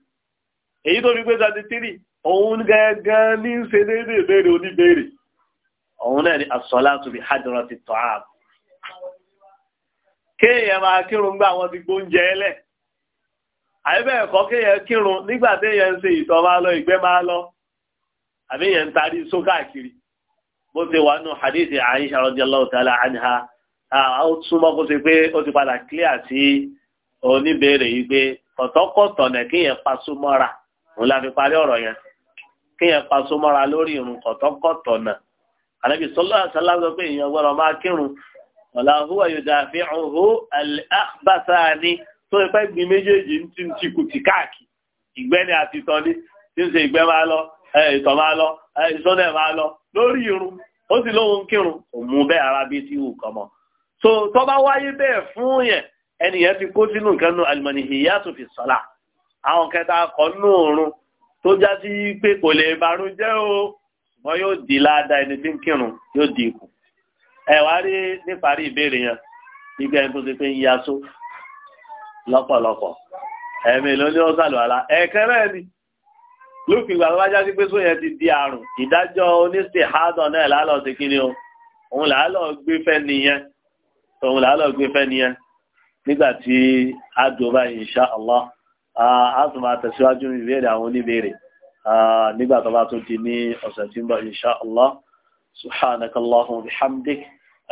èyí tó fi pé thirty three òun gẹ́gẹ́ ní ṣe déédéé ìbéèrè oníbéèrè òun náà ni àsọlá tó hajjọra ti tọ́ ààbò kéèyàn máa kírun gbá àwọn ti gbóúnjẹ ẹlẹ àbí bẹ́ẹ̀ kọ́ kéèyàn kírun nígbà téèyàn ń ṣe máa lọ ìgbẹ́ máa lọ àbí yẹn ń tarí só ti wà nù hadith Aisha ó túmọ̀ kó ṣe pé ó ti padà sí oníbèrè yìí pé nà kéèyàn pa òun la fi parí ọ̀rọ̀ yẹn kéèyàn pa sómọ́ra lórí irun kọ̀tọ́kọ̀tọ̀ náà àlẹ́bí sọ́lá àṣálá sọ pé èèyàn gbọ́dọ̀ máa kírun ọ̀là húwà yòdà fi hàn hó àbáṣá ni tó ń pẹ́ gbin méjèèjì ń ti ń ti kùtì káàkiri ìgbẹ́ni àti ìtọ́ni tí ń ṣe ìgbẹ́ máa lọ ìtọ̀ máa lọ ìsọ́nẹ̀ máa lọ lórí irun ó sì lóhun kírun òun bẹ́ẹ̀ ara bíi ti wù kàn mọ́ so bá wáyé bẹ́ẹ̀ fún yẹn ẹnìyẹn ti kó sínú nǹkan nu àlùmọ̀nì ìyá tó fi sọ́lá àwọn kẹta kọ nínú òórùn tó já sí pé kò lè barun jẹ́ o wọn yóò di láada ẹni tí ń kírun yóò di ikù ẹ wá rí níparí ìbéèrè yẹn ibi ẹni tó ti fi ń yaṣọ lọ́pọ̀lọpọ̀ ẹ̀mí ló ní ó sàlùwàlá ẹ̀ẹ̀kan náà ni lófin ìgbà tó bá já sí pé sóyẹn ti di àrùn ìdájọ́ oníṣẹ́ hádọ̀ náà lálọ́ sí kí ni o òun làálọ̀ gbé fẹ́ nìyẹn òun làálọ̀ gbé fẹ́ nìyẹn nígbà tí a dùn báyìí insha Allah a tún máa tẹ̀síwájú ìbéèrè àwọn oníbéèrè nígbà tó bá tún di ní ọ̀sẹ̀ tí ń bọ̀ insha allah subhanaka allahumma wa bihamdik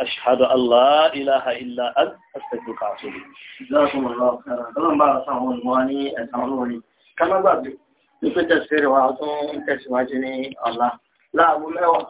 ashhadu an la ilaha illa ant astaghfiruka wa atubu ilayk ká má gbàgbé ní pé tẹ̀síwájú